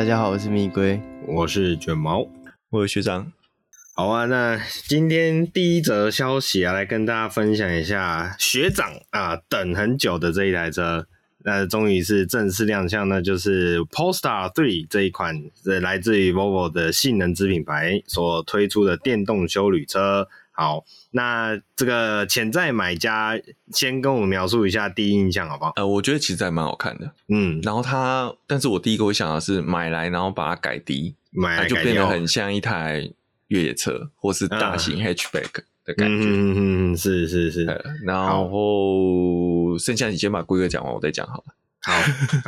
大家好，我是蜜龜，我是卷毛，我是學長。好啊，那今天第一則消息啊，來跟大家分享一下學長啊、呃、等很久的這一台車，那終於是正式亮相，那就是 Polestar Three 這一款這來自於 Volvo 的性能子品牌所推出的電動休旅車。好，那這個潛在買家先跟我描述一下第一印象，好不好？呃，我覺得其實還蠻好看的，嗯。然後他，但是我第一個會想到是買來，然後把它改低，買來、啊、就變得很像一台越野車或是大型 hatchback 的感覺。啊、嗯嗯嗯，是是是、嗯。然後好剩下你先把規格講完，我再講，好了。好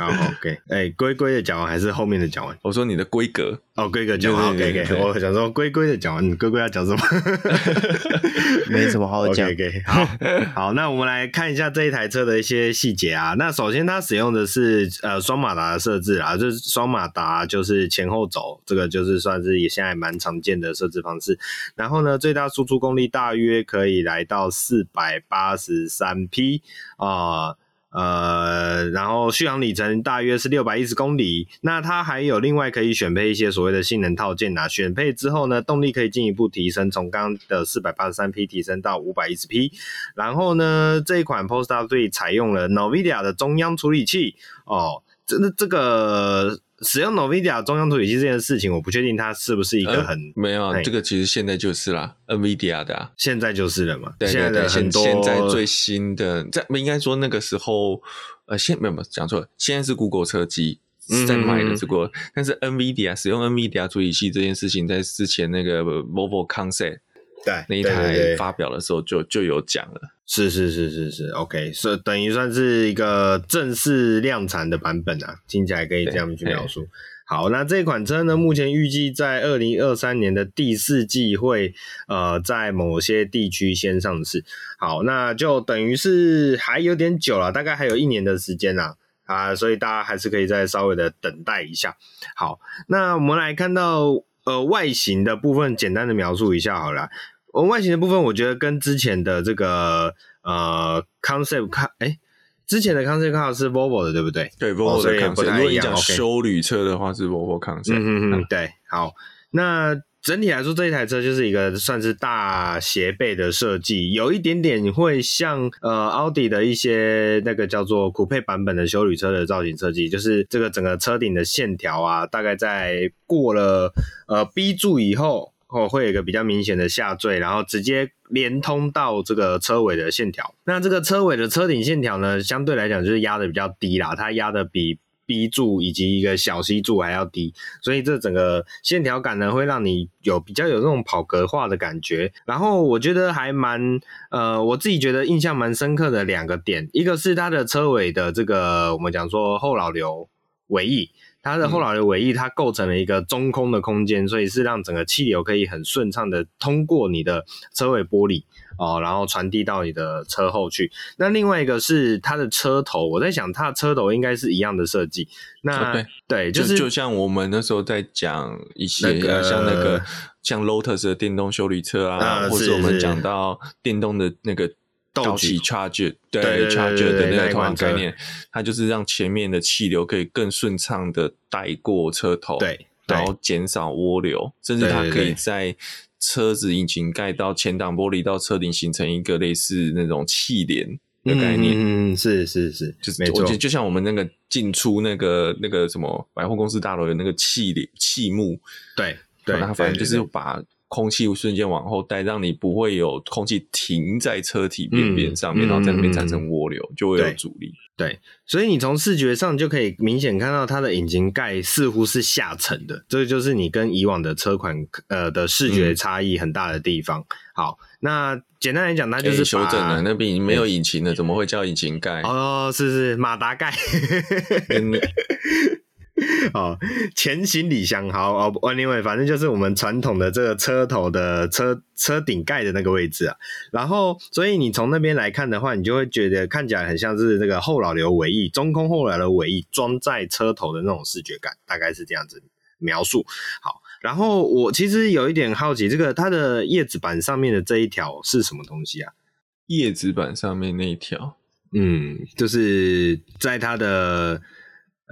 好，OK，哎、欸，龜龜的講完還是後面的講完？我說你的規格哦，規、oh, 格就。好，OK 我想說龜龜的講完，龜龜要講什麼？ 沒什麼好講 OK，OK，好好，那我們來看一下這一台車的一些細節啊。 那首先它使用的是呃雙馬達的設置啊，就是雙馬達就是前後走，這個就是算是也現在蠻常見的設置方式。然後呢，最大輸出功率大約可以來到四百八十三匹啊。呃，然後續航里程大約是六百一十公里。那它還有另外可以選配一些所謂的性能套件吶、啊，選配之後呢，動力可以進一步提升，從剛，剛的四百八十三匹提升到五百一十匹。然後呢，這一款 Polestar 3採用了 NVIDIA 的中央處理器哦。這、這、這個使用 NVIDIA 中央處理器這件事情，我不確定它是不是一個很、呃、沒有。嘿這個其實現在就是啦，NVIDIA 的，啊，現在就是了嘛。對對對，現在的很多，現在最新的，在應該說那個時候，呃，現在沒有沒有講錯了。現在是 Google 車機是在賣的這個，嗯、哼哼，但是 NVIDIA 使用 NVIDIA 處理器這件事情，在之前那個 Mobile Concept。對，那一台發表的時候就對對對就，就有講了，是是是是是，OK，所以等於算是一個正式量產的版本啊，聽起來可以這樣去描述。對好，那這款車呢，目前預計在二零二三年的第四季會呃在某些地區先上市。好，那就等於是還有點久了，大概還有一年的時間啦啊，所以大家還是可以再稍微的等待一下。好，那我們來看到呃外形的部分，簡單的描述一下好了。我們外形的部分，我覺得跟之前的這個呃，concept car，哎，之前的 concept car 是 Volvo 的，對不對？對、oh，Volvo 的不太一樣。如果你講休旅車的話是 concept，嗯哼哼，是 Volvo concept。嗯嗯嗯，對。好，那整體來說，這一台車就是一個算是大斜背的設計，有一點點會像呃，奧迪的一些那個叫做 Coupé 版本的休旅車的造型設計，就是這個整個車頂的線條啊，大概在過了呃 B 柱以後。哦，會有一個比較明顯的下墜，然後直接連通到這個車尾的線條。那這個車尾的車頂線條呢，相對來講就是壓的比較低啦，它壓的比 B 柱以及一個小 C 柱還要低，所以這整個線條感呢，會讓你有比較有那種跑格化的感覺。然後我覺得還蠻，呃，我自己覺得印象蠻深刻的兩個點，一個是它的車尾的這個我們講說後擾流。尾翼，它的後腦的尾翼，它構成了一個中空的空間，嗯、所以是讓整個氣流可以很順暢的通過你的車尾玻璃哦，然後傳遞到你的車後去。那另外一個是它的車頭，我在想它的車頭應該是一樣的設計。那、啊、對，對，就是就，就像我們那時候在講一些、那個啊、像那個像 Lotus 的電動休旅車啊，啊或是我們講到電動的那個。導起 charger，對 charger 的那個同樣概念，它就是讓前面的氣流可以更順暢的帶過車頭，對，對然後減少渦流，甚至它可以在車子引擎蓋到前擋玻璃到車頂形成一個類似那種氣簾的概念，嗯是是是，就是沒錯錯。就像我們那個進出那個那個什麼百貨公司大樓的那個氣簾氣幕，對對，對，那反正就是把。空氣瞬間往後帶，讓你不會有空氣停在車體邊邊上面，然後在那邊產生渦流，對就會有阻力。對，所以你從視覺上就可以明顯看到它的引擎蓋似乎是下沉的，這就是你跟以往的車款呃的視覺差異很大的地方。嗯、好，那簡單來講，那就是修、欸、整了，那邊已經沒有引擎了，欸、怎麼會叫引擎蓋？哦，是是馬達蓋。 嗯 哦， 前行李箱好哦。Anyway，反正就是我們傳統的這個車頭的車車頂蓋的那個位置啊。然後，所以你從那邊來看的話，你就會覺得看起來很像是這個後擾流尾翼，中空後擾流的尾翼裝在車頭的那種視覺感，大概是這樣子描述。好，然後我其實有一點好奇，這個它的葉子板上面的這一條是什麼東西啊？葉子板上面那一條，嗯，就是在它的。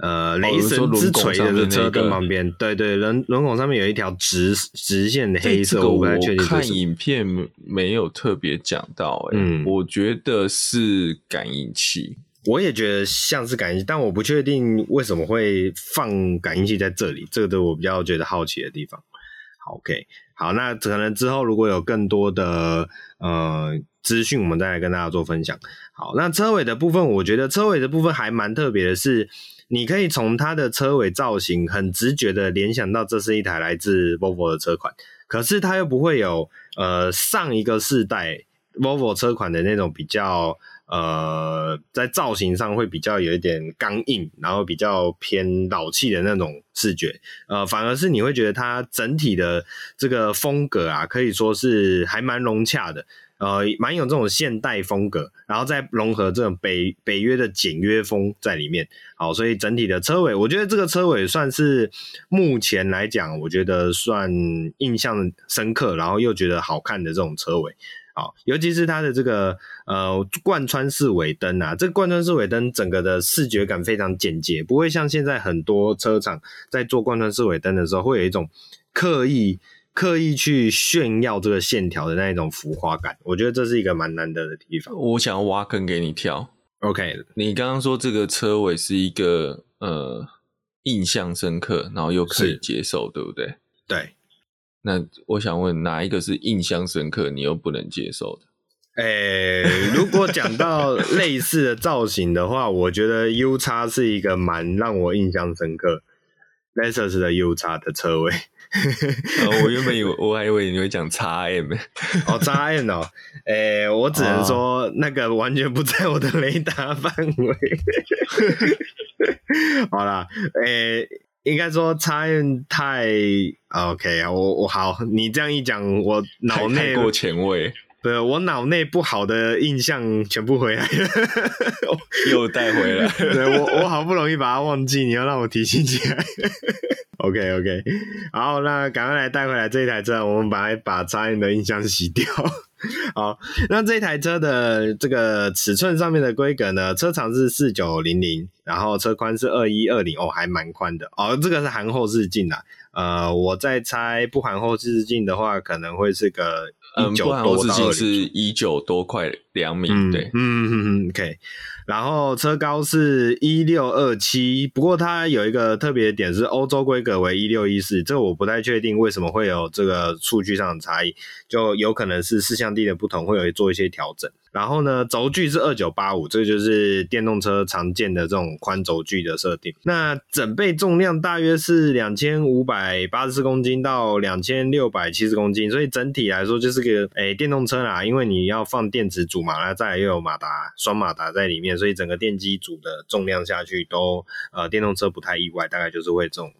呃，哦，雷神之錘的車邊，哦，是車燈旁邊，對，對對，輪輪轂上面有一條直直線的黑色。我看影片，沒有特別講到，欸，嗯，我覺得是感應器，我也覺得像是感應器，但我不確定為什麼會放感應器在這裡，這個都我比較覺得好奇的地方。OK，好，那可能之後如果有更多的呃資訊，我們再來跟大家做分享。好，那車尾的部分，我覺得車尾的部分還蠻特別的是，你可以從它的車尾造型很直覺的聯想到這是一台來自 Volvo 的車款，可是它又不會有呃上一個世代 Volvo 車款的那種比較呃在造型上會比較有一點剛硬，然後比較偏老氣的那種視覺，呃，反而是你會覺得它整體的這個風格啊，可以說是還蠻融洽的。呃，蠻有這種現代風格，然後再融合這種北北約的簡約風在裡面。好，所以整體的車尾，我覺得這個車尾算是目前來講，我覺得算印象深刻，然後又覺得好看的這種車尾。好，尤其是它的這個呃貫穿式尾燈啊，這個貫穿式尾燈整個的視覺感非常簡潔，不會像現在很多車廠在做貫穿式尾燈的時候，會有一種刻意。刻意去炫耀這個線條的那一種浮誇感，我覺得這是一個蠻難得的地方。我想要挖坑給你跳。OK，你剛剛說這個車尾是一個呃印象深刻，然後又可以接受，是對不對？對。那我想問，哪一個是印象深刻，你又不能接受的？誒、欸，如果講到類似的造型的話， 我覺得 U 叉是一個蠻讓我印象深刻。Lexus 的 U 叉的車位、 哦，我原本以為我還以為你會講叉 M 哦，叉 M 哦，誒、欸，我只能說那個完全不在我的雷達範圍。 好啦誒、欸，應該說叉 M 太 OK 啊，我我好，你這樣一講，我腦內過前衛。對，我腦內不好的印象全部回來了， 又帶回來。 對，我我好不容易把它忘記，你要讓我提醒起來。 OK OK，好，那趕快來帶回來這一台車，我們把它把差一點的印象洗掉。 好，那這台車的這個尺寸上面的規格呢？車長是四九零零，然後車寬是二一二零，哦，還蠻寬的。哦，這個是含後視鏡的。呃，我在猜不含後視鏡的話，可能會是個。嗯，不然我自己是一九多快兩米，對，嗯嗯嗯，OK，然後車高是一六二七，不過它有一個特別的點是歐洲規格為一六一四，這個我不太確定為什麼會有這個數據上的差異，就有可能是事項地的不同，會有做一些調整。然後呢，軸距是二九八五，這個就是電動車常見的這種寬軸距的設定。那整備重量大約是兩千五百八十四公斤到兩千六百七十公斤，所以整體來說就是個誒電動車啦，因為你要放電池組嘛，它再又有馬達、雙馬達在裡面，所以整個電機組的重量下去都呃電動車不太意外，大概就是會這種。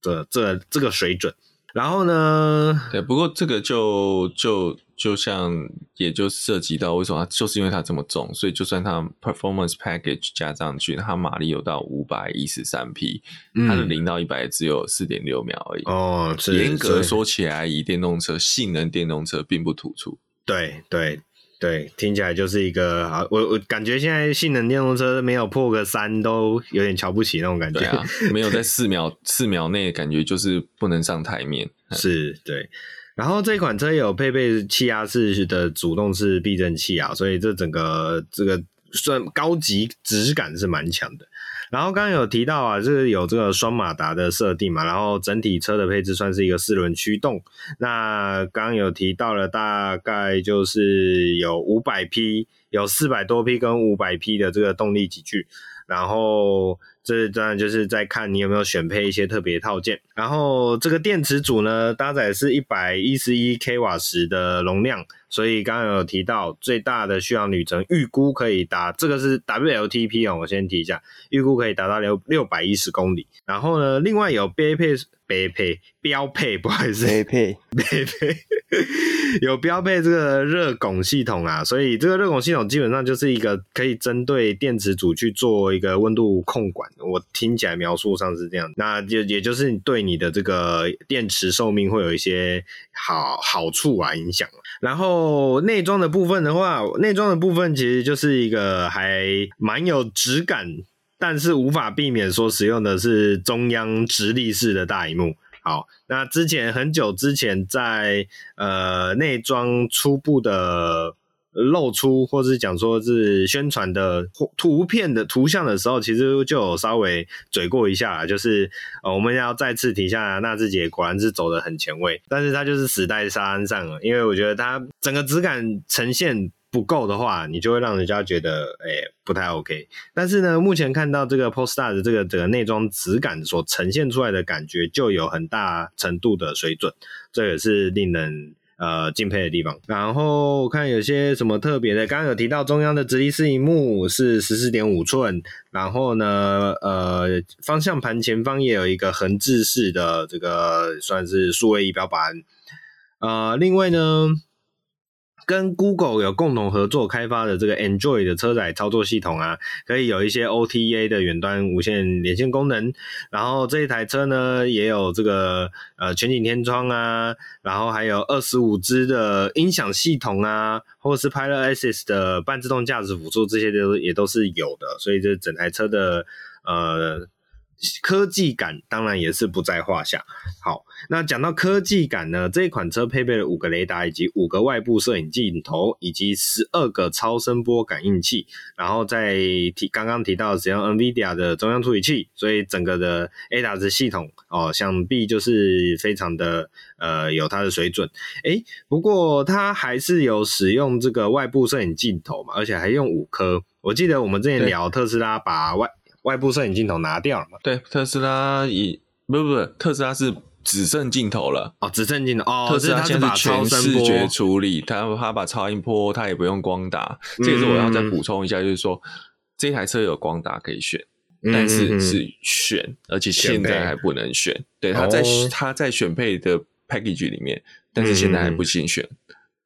這這這個水準。然後呢，對，不過這個就就。就像，也就涉及到為什麼它，就是因為它這麼重，所以就算它 performance package 加上去，它馬力有到五百一十三匹，它的零到一百只有四點六秒而已。哦，嚴格說起來，以電動車對性能電動車並不突出。對對對，聽起來就是一個，我我感覺現在性能電動車沒有破個三，都有點瞧不起那種感覺。對啊，沒有在四秒四對秒內，感覺就是不能上台面。是，對。然後這款車也有配備氣壓式的主動式避震器啊，所以這整個這個算高級質感是蠻強的。然後剛剛有提到啊，就是有這個雙馬達的設定嘛，然後整體車的配置算是一個四輪驅動。那剛剛有提到了，大概就是有五百匹，有四百多匹跟五百匹的這個動力級距，然後。這當然就是在看你有沒有選配一些特別套件，然後這個電池組呢，搭載是一百一十一 K 瓦時的容量。所以剛剛有提到最大的續航里程預估可以達，這個是 WLTP 哦，我先提一下，預估可以達到六六百一十公里。然後呢，另外有標配標配標配標配不好意思，標配標配有標配這個熱拱系統啊，所以這個熱拱系統基本上就是一個可以針對電池組去做一個溫度控管。我聽起來描述上是這樣，那就也就是對你的這個電池壽命會有一些好好處啊影響啊然後內裝的部分的話，內裝的部分其實就是一個還蠻有質感，但是無法避免說使用的是中央直立式的大螢幕。好，那之前很久之前在呃內裝初步的。露出，或是講說是宣傳的圖片的圖像的時候，其實就有稍微嘴過一下啦，就是、呃、我們要再次提下，納智捷果然是走得很前衛，但是它就是死在沙灘上了，因為我覺得它整個質感呈現不夠的話，你就會讓人家覺得哎、欸、不太 OK。但是呢，目前看到這個 Polestar 的這個的內裝質感所呈現出來的感覺，就有很大程度的水準，這也是令人。呃，敬佩的地方。然後看有些什麼特別的，剛剛有提到中央的直立式熒幕是十四點五寸，然後呢，呃，方向盤前方也有一個橫置式的這個算是數位儀表板。呃，另外呢。跟 Google 有共同合作開發的這個 Android 的車載操作系統啊，可以有一些 OTA 的遠端無線連線功能。然後這一台車呢，也有這個呃全景天窗啊，然後還有二十五支的音響系統啊，或是 Pilot Assist 的半自動駕駛輔助，這些都也都是有的。所以這整台車的呃。科技感當然也是不在話下。好，那講到科技感呢，這一款車配備了五個雷達，以及五個外部攝影鏡頭，以及十二個超聲波感應器。然後再提剛剛提到的使用 NVIDIA 的中央處理器，所以整個的 ADAS 系統哦，想必就是非常的呃有它的水準。哎，不過它還是有使用這個外部攝影鏡頭嘛，而且還用五顆。我記得我們之前聊特斯拉把外外部攝影鏡頭拿掉了嗎？對，特斯拉已不不不，特斯拉是只剩鏡頭了。哦，只剩鏡頭。哦，特斯拉他是全視覺處理，哦、他把他，他把超音波，他也不用光達。嗯嗯，這個是我要再補充一下，就是說，這台車有光達可以選，嗯嗯嗯，但是是選，而且現在還不能選。對，他在、哦、他，在他在選配的 package 裡面，但是現在還不行選。嗯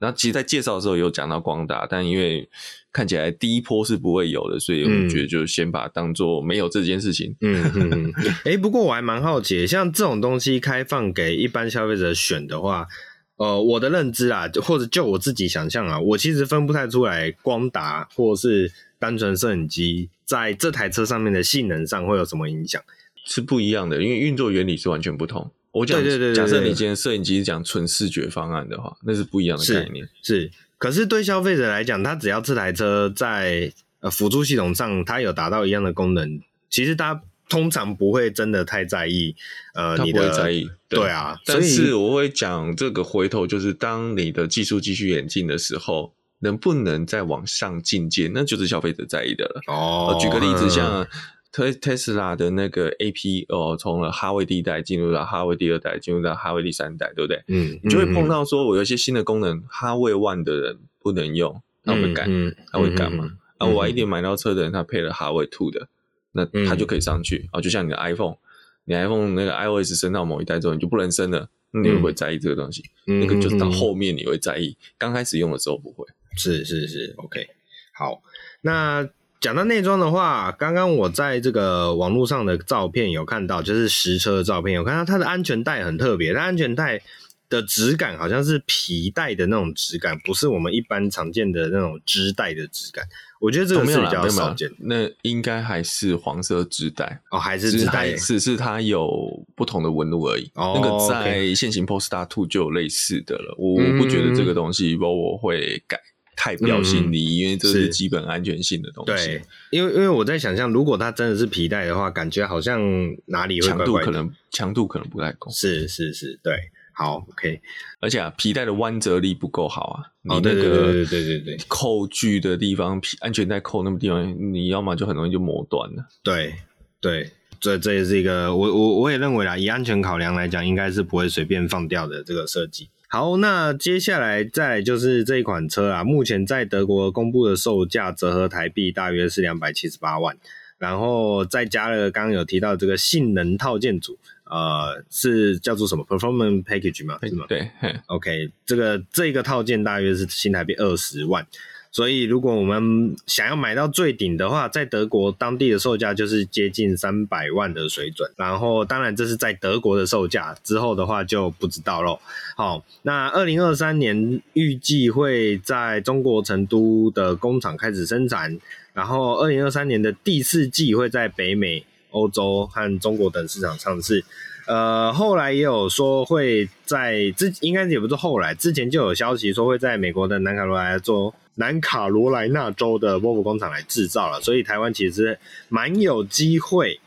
然後其實，在介紹的時候有講到光達，但因為看起來第一波是不會有的，所以我覺得就先把它當做沒有這件事情。嗯，哎 、欸，不過我還蠻好奇，像這種東西開放給一般消費者選的話，呃，我的認知啊，或者就我自己想象啊，我其實分不太出來，光達或是單純攝影機在這台車上面的性能上會有什麼影響，是不一樣的，因為運作原理是完全不同。我講，對對對對對，假設你今天攝影機是講純視覺方案的話，那是不一樣的概念。是、是，可是對消費者來講，他只要這台車在、呃、輔助系統上，它有達到一樣的功能，其實他通常不會真的太在意。呃，他不會在意。你的對、對啊，所以但是我會講這個，回頭就是當你的技術繼續演進的時候，能不能再往上進階，那就是消費者在意的了。哦，舉個例子，像。嗯特，特斯拉的那個 A P 哦，從了哈維第一代進入到哈維第二代，進入到哈維第三代，對不對？嗯，嗯，你就會碰到說，我有一些新的功能，哈維 One 的人不能用，他會改，嗯嗯、他會幹嘛、嗯嗯嗯、啊，晚一點買到車的人，他配了哈維 Two 的，那他就可以上去啊、嗯哦。就像你的 iPhone，你 iPhone 那個 iOS 升到某一代之後你就不能升了，你就會、會在意這個東西。嗯、那個就是到後面你會在意，剛、嗯嗯、開始用的時候不會。是是是，OK，好，那。講到內裝的話，剛剛我在這個網絡上的照片有看到，就是實車的照片。有看到它的安全帶很特別，它安全帶的質感好像是皮帶的那種質感，不是我們一般常見的那種織帶的質感。我覺得這個比較少見的。那應該還是黃色織帶哦，還是織帶，欸，只是，是，是它有不同的紋路而已。哦，那個在現行 Polestar 2就有類似的了。我，嗯，我不覺得這個東西，不過我會改。太標新立異，嗯、因為這是基本安全性的東西。對，因為因為我在想象，如果它真的是皮帶的話，感覺好像哪裡強度可能強度可能不太夠。是是是，對，好，OK。而且啊，皮帶的彎折力不夠好啊，你那個對對對對對，扣具的地方，皮安全帶扣那麼地方，你要麼就很容易就磨斷了。對對，這這也是一個，我我我也認為啊，以安全考量來講，應該是不會隨便放掉的這個設計。好，那接下來再來就是這一款車啊，目前在德國公布的售價折合台幣大約是兩百七十八萬，然後再加了剛剛有提到這個性能套件組，呃，是叫做什麼 Performance Package 嗎？對，是嗎？對，OK，這個這個套件大約是新台幣二十萬。所以，如果我們想要買到最頂的話，在德國當地的售價就是接近三百萬的水準。然後，當然這是在德國的售價，之後的話就不知道嘍。好，那二零二三年預計會在中國成都的工廠開始生產，然後二零二三年的第四季會在北美、歐洲和中國等市場上市。呃，後來也有說會在之，應該也不是後來，之前就有消息說會在美國的南卡羅來做。南卡羅來納州的波普工廠來製造了，所以台灣其實蠻有機會，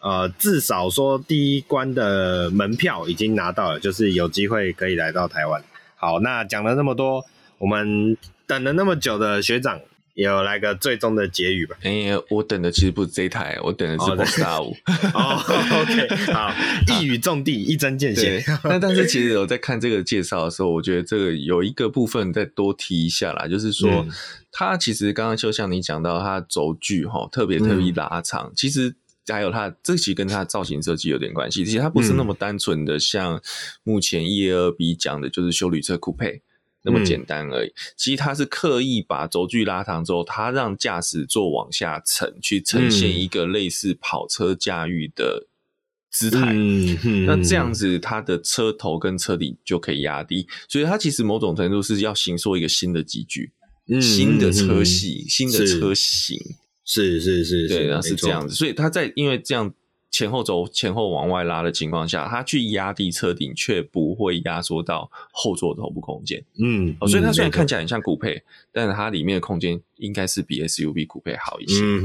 呃，至少說第一關的門票已經拿到了，就是有機會可以來到台灣。好，那講了那麼多，我們等了那麼久的學長。有來個最終的結語吧。哎、欸，我等的其實不是這一台，我等的是 Polestar 5。哦、oh, oh,，OK，好， 一語中的，啊、一針見血。那但是其實我在看這個介紹的時候， 我覺得這個有一個部分再多提一下啦，就是說、嗯、它其實剛剛就像你講到它，它軸距哈特別特別拉長，嗯、其實還有它這其實跟它造型設計有點關係，其實它不是那麼單純的像目前 EA 二 B 講的，就是休旅車 Coupe。那麼簡單而已。嗯、其實它是刻意把軸距拉長之後，它讓駕駛座往下沉，去呈現一個類似跑車駕馭的姿態、嗯。嗯,嗯那這樣子，它的車頭跟車底就可以壓低，所以它其實某種程度是要形塑一個新的機具，嗯、新的車系，新的車型。是是、嗯、是，是是是對那是,是,是,是這樣子。是所以它在因為這樣。前後軸前後往外拉的情況下，它去壓低車頂，卻不會壓縮到後座的頭部空間、嗯。嗯，哦、所以它雖然看起來很像 Coupe，嗯、但它裡面的空間應該是比 SUV Coupe 好一些。嗯嗯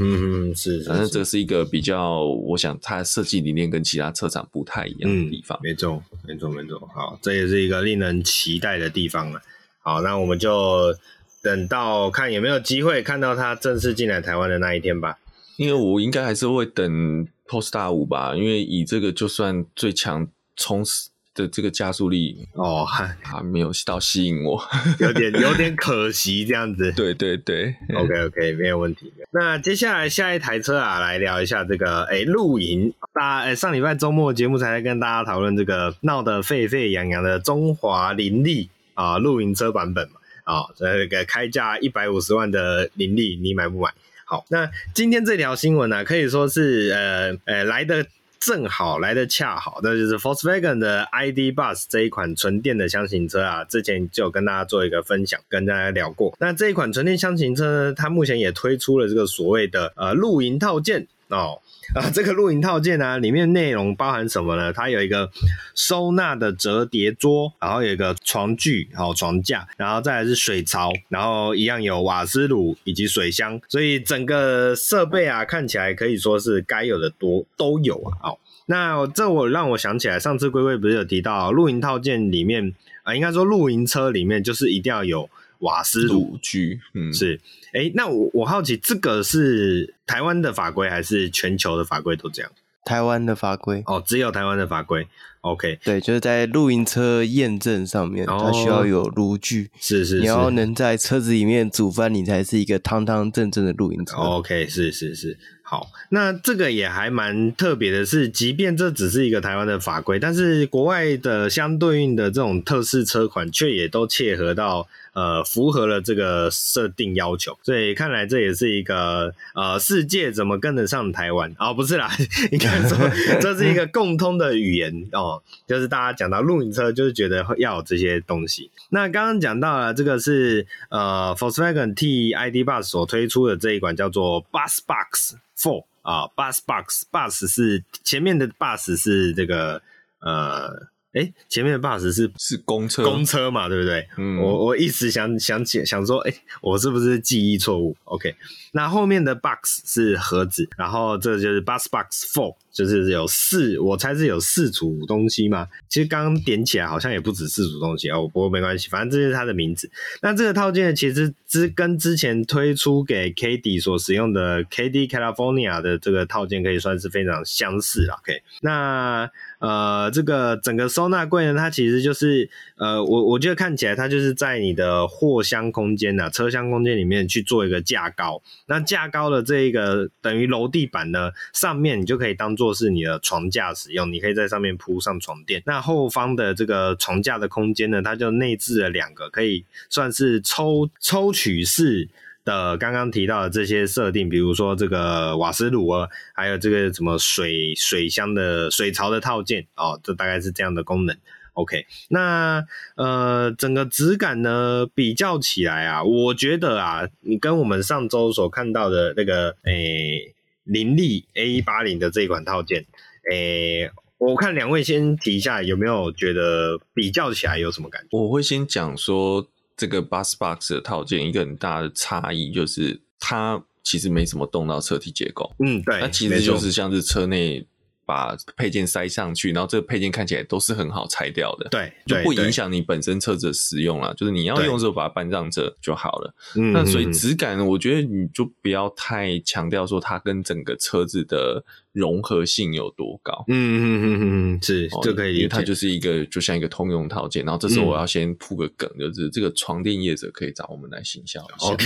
嗯，是。是反正這是一個比較，我想它設計理念跟其他車廠不太一樣的地方。沒錯、嗯，沒錯，沒錯。好，這也是一個令人期待的地方了。好，那我們就等到看有沒有機會看到它正式進來台灣的那一天吧。因為我應該還是會等 Polestar 5吧，因為以這個就算最強衝刺的這個加速力哦，還、啊、沒有到吸引我，有點有點可惜這樣子。對對對，OK OK 沒有問題。 那接下來下一台車啊，來聊一下這個哎露營，大家哎上禮拜週末節目才來跟大家討論這個鬧得沸沸揚揚的中華菱利，啊露營車版本嘛，啊這個開價一百五十萬的菱利，你買不買？好，那今天這條新聞呢、啊，可以說是呃呃來的正好，來的恰好的，那就是 Volkswagen 的 ID Buzz 這一款純電的箱型車啊，之前就有跟大家做一個分享，跟大家聊過。那這一款純電箱型車呢，它目前也推出了這個所謂的呃露營套件。哦啊，這個露營套件呢、啊，裡面內容包含什麼呢？它有一個收納的折疊桌，然後有一個床具，後、哦、床架，然後再來是水槽，然後一樣有瓦斯爐以及水箱，所以整個設備啊，看起來可以說是該有的多都有啊。哦，那這我讓我想起來，上次龜龜不是有提到、啊、露營套件裡面啊，應該說露營車裡面就是一定要有。瓦斯爐具，嗯，是，哎、欸，那我我好奇，這個是台灣的法規還是全球的法規都這樣？台灣的法規哦，只有台灣的法規。OK，對，就是在露營車驗證上面，哦、它需要有爐具，是，是是，你要能在車子裡面煮飯，你才是一個堂堂正正的露營車。OK，是是是，好，那這個也還蠻特別的是，即便這只是一個台灣的法規，但是國外的相對應的這種特仕車款卻也都切合到。呃，符合了這個設定要求，所以看來這也是一個呃，世界怎麼跟得上台灣？哦，不是啦， 你看，這是一個共通的語言哦，就是大家講到露營車，就是覺得要有這些東西。那剛剛講到了這個是呃 Volkswagen T ID Bus 所推出的這一款叫做 Bus Box Four 啊、呃、，Bus Box Bus 是前面的 Bus 是這個呃。哎、欸，前面的 bus 是是公車公車嘛，車，對不對？嗯，我我一直想想起想說，哎、欸，我是不是記憶錯誤？OK，那後面的 box 是盒子，然後這就是 bus box four，就是有四，我猜是有四組東西嘛。其實剛剛點起來好像也不止四組東西啊、哦，不過沒關係，反正這是它的名字。那這個套件其實之跟之前推出給 Caddy 所使用的 Caddy California 的這個套件可以算是非常相似了。OK，那。呃，這個整個收納櫃呢，它其實就是呃，我我覺得看起來它就是在你的貨箱空間吶、啊、車廂空間裡面去做一個架高，那架高的這一個等於樓地板呢上面，你就可以當做是你的床架使用，你可以在上面鋪上床墊。那後方的這個床架的空間呢，它就內置了兩個，可以算是抽抽取式。的剛剛提到的這些設定，比如說這個瓦斯爐，還有這個什麼水水箱的水槽的套件，哦，這大概是這樣的功能。OK，那呃，整個質感呢比較起來啊，我覺得啊，你跟我們上周所看到的那個誒、欸，林立 A 一八零的這一款套件，誒、欸，我看兩位先提一下，有沒有覺得比較起來有什麼感覺？我會先講說。這個 Bus Box 的套件一個很大的差異就是它其實沒什麼動到車體結構，嗯，對，那其實就是像是車內把配件塞上去，錯然後這個配件看起來都是很好拆掉的，對，對，就不影響你本身車子的使用了，對就是你要用的時候把它搬上車就好了。嗯對，那所以質感呢，我覺得你就不要太強調說它跟整個車子的融合性有多高？嗯嗯嗯嗯嗯，是，這、哦、就可以。因為它就是一個，就像一個通用套件。然後，這時候我要先鋪個梗，嗯、就是這個床墊業者可以找我們來行銷。OK，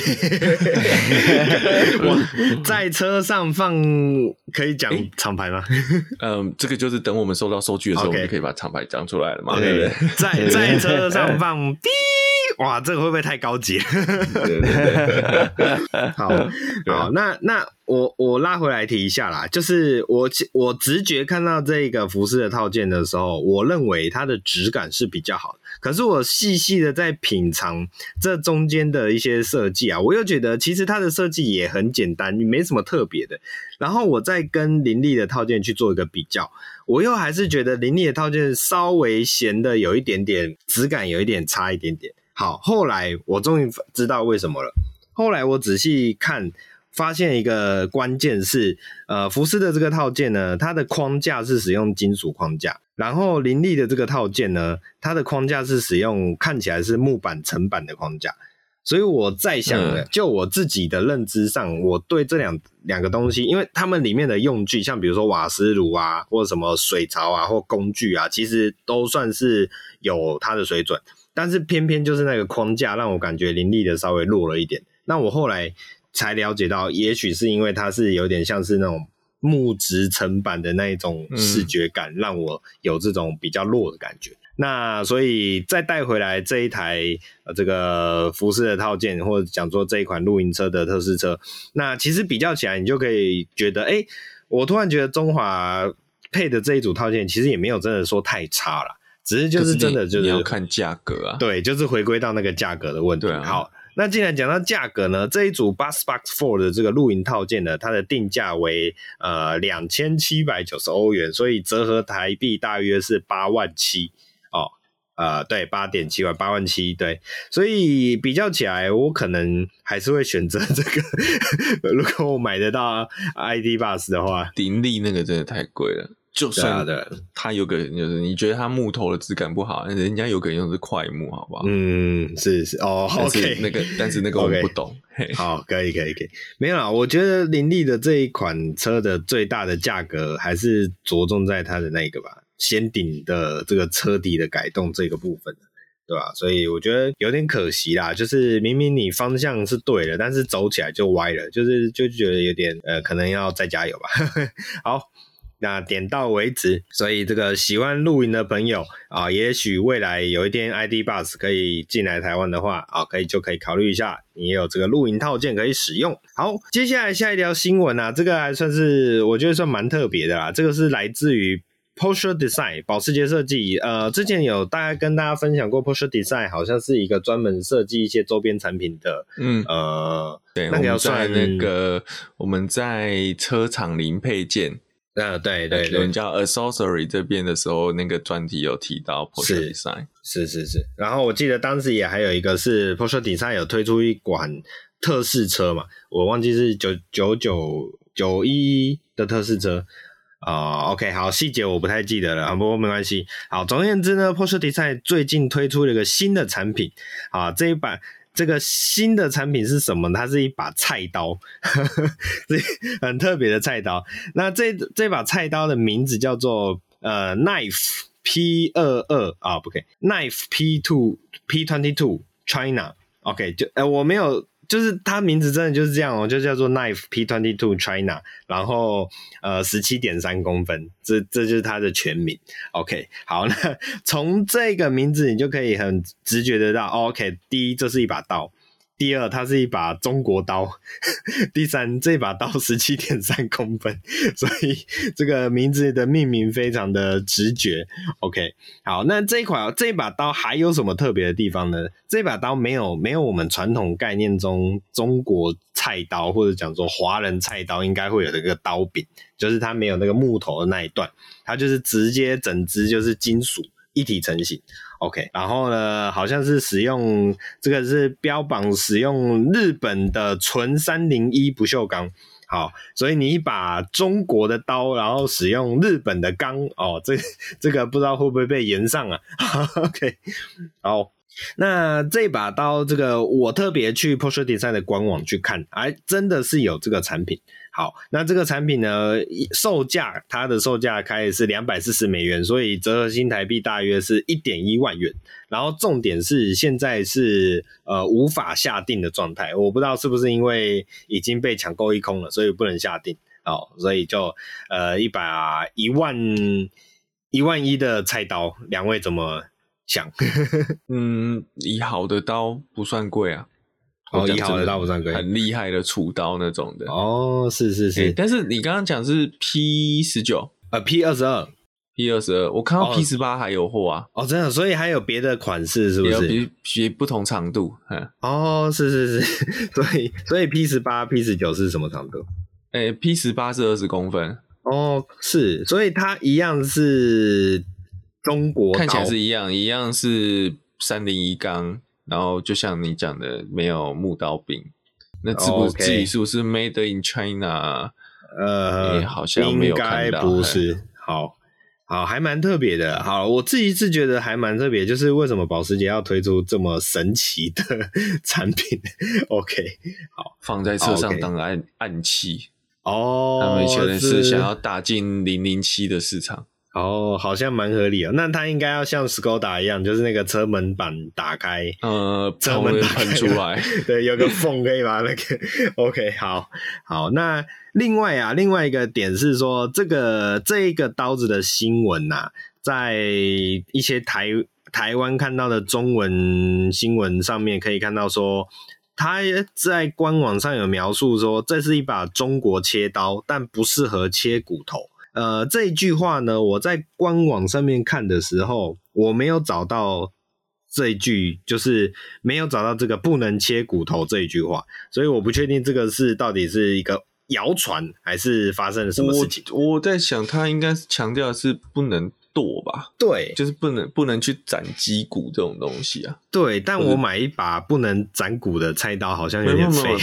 在車上放，可以講廠牌嗎？欸？嗯，這個就是等我們收到收據的時候，我們就可以把廠牌講出來了嘛。Okay. 對不對？在在車上放。欸叮哇，這個會不會太高級了？好，對吧？好，那那我我拉回來提一下啦，就是我我直覺看到這個福斯的套件的時候，我認為它的質感是比較好的。可是我細細的在品嘗這中間的一些設計啊，我又覺得其實它的設計也很簡單，也沒什麼特別的。然後我再跟林立的套件去做一個比較，我又還是覺得林立的套件稍微顯得有一點點質感，有一點差一點點。好，後來我終於知道為什麼了。後來我仔細看，發現一個關鍵是，呃，福斯的這個套件呢，它的框架是使用金屬框架；然後林立的這個套件呢，它的框架是使用看起來是木板層板的框架。所以我在想，嗯、就我自己的認知上，我對這兩兩個東西，因為它們裡面的用具，像比如說瓦斯爐啊，或者什麼水槽啊，或工具啊，其實都算是有它的水準。但是偏偏就是那個框架讓我感覺凌厲的稍微弱了一點。那我後來才了解到，也許是因為它是有點像是那種木質層板的那一種視覺感，嗯、讓我有這種比較弱的感覺。那所以再帶回來這一台呃，這個福斯的套件，或者講說這一款露營車的測試車，那其實比較起來，你就可以覺得，哎，我突然覺得中華配的這一組套件其實也沒有真的說太差了。只是就是真的，就是，可是你，你要看價格啊。對，就是回歸到那個價格的問題。對啊、好，那既然講到價格呢，這一組 Bus Box Four 的這個露營套件呢，它的定價為呃兩千七百九十歐元，所以折合台幣大約是八萬七哦。呃，對，八點七萬，八萬七對。所以比較起來，我可能還是會選擇這個。 如果我買得到 ID Bus 的話，頂立那個真的太貴了。就算的，對他有個就是你覺得他木頭的質感不好，人家有可能用的是快木，好不好？嗯，是是哦好是 okay, 那個但是那個我不懂。Okay, 嘿好，可以可以可以，沒有啦，我覺得林立的這一款車的最大的價格還是着重在它的那個吧，先頂的這個車底的改動這個部分，對吧？所以我覺得有點可惜啦，就是明明你方向是對的，但是走起來就歪了，就是就覺得有點呃，可能要再加油吧。 好。那點到為止，所以這個喜歡露營的朋友啊，也許未來有一天 ID. Buzz 可以進來台灣的話啊，可以就可以考慮一下，你也有這個露營套件可以使用。好，接下來下一條新聞啊，這個還算是我覺得算蠻特別的啦，這個是來自於 Porsche Design 保時捷設計。呃，之前有大概跟大家分享過，Porsche Design 好像是一個專門設計一些周邊產品的，嗯呃，對，你要算那個、嗯、我們在車廠零配件。呃、uh, 對對對，對，對，人家 a sorcery 這邊的時候，那個專題有提到 Porsche Design。是是是，是。然後我記得當時也還有一個是 Porsche Design 有推出一款特仕車嘛，我忘記是九九九九一的特仕車啊。Uh, OK，好，細節我不太記得了，啊，不過沒關係。好，總而言之呢，Porsche Design 最近推出了一個新的產品啊，這一版。這個新的產品是什麼呢？它是一把菜刀，呵呵，很特別的菜刀。那這這把菜刀的名字叫做呃，Knife P22 啊，不，Knife P two P twenty two China，OK，就呃，我沒有。就是它名字真的就是這樣哦，喔，就叫做 Knife P 22 China，然後呃十七點三公分，這這就是它的全名。OK，好，那從這個名字你就可以很直覺得到，哦，OK，第一，這是一把刀。第二，它是一把中國刀。第三，這把刀十七點三公分，所以這個名字的命名非常的直覺。OK，好，那這一款這把刀還有什麼特別的地方呢？這把刀沒有沒有我們傳統概念中中國菜刀或者講說華人菜刀應該會有的一個刀柄，就是它沒有那個木頭的那一段，它就是直接整只就是金屬一體成型。OK，然後呢，好像是使用這個是標榜使用日本的純三零一不鏽鋼。好，所以你一把中國的刀，然後使用日本的鋼哦，這這個不知道會不會被炎上啊，好，OK，好，那這把刀這個我特別去 Porsche Design 的官網去看，哎，真的是有這個產品。好，那這個產品呢，售價它的售價開始是兩百四十美元，所以折合新台幣大約是一點一萬元。然後重點是現在是呃無法下定的狀態，我不知道是不是因為已經被搶購一空了，所以不能下定。好，所以就呃一把一萬一萬一的菜刀，兩位怎麼想？ 嗯，以好的刀不算貴啊。哦、的很厲害的廚刀那種的哦，是是是。欸、但是你剛剛講是 P 十九，呃、啊、，P 二十二，P 二十二，我看到 P 十八、哦、還有貨啊。哦，真的，所以還有別的款式是不是？有別不同長度，嗯、哦，是是是，所以所以 P 十八、P 十九是什麼長度？哎、欸、，P 十八是二十公分。哦，是，所以它一樣是中國刀，看起來是一樣，一樣是三零一鋼。然後就像你講的，沒有木刀柄，那自不自已是不是 made in China？啊 okay. 呃、欸，好像沒有看到，應該不是。嘿好好，還蠻特別的。好，我自己是覺得還蠻特別，就是為什麼保時捷要推出這麼神奇的產品 ？OK，好，放在車上當暗 Okay. 暗器哦。他們以前是想要打進零零七的市場。哦，好像蠻合理哦。那它應該要像 s o 柯達一樣，就是那個車門板打開，呃，車門噴出來， 對，有個縫可以把那個 OK，好好。那另外啊，另外一個點是說，這個這個刀子的新聞吶、啊，在一些台台灣看到的中文新聞上面可以看到說，它在官網上有描述說，這是一把中國切刀，但不適合切骨頭。呃，這一句話呢，我在官網上面看的時候，我沒有找到這一句，就是沒有找到這個不能切骨頭這一句話，所以我不確定這個是到底是一個謠傳還是發生了什麼事情。我，我在想，他應該是強調是不能剁吧？對，就是不能不能去斬雞骨這種東西啊。對，但我買一把不能斬骨的菜刀，好像有點廢。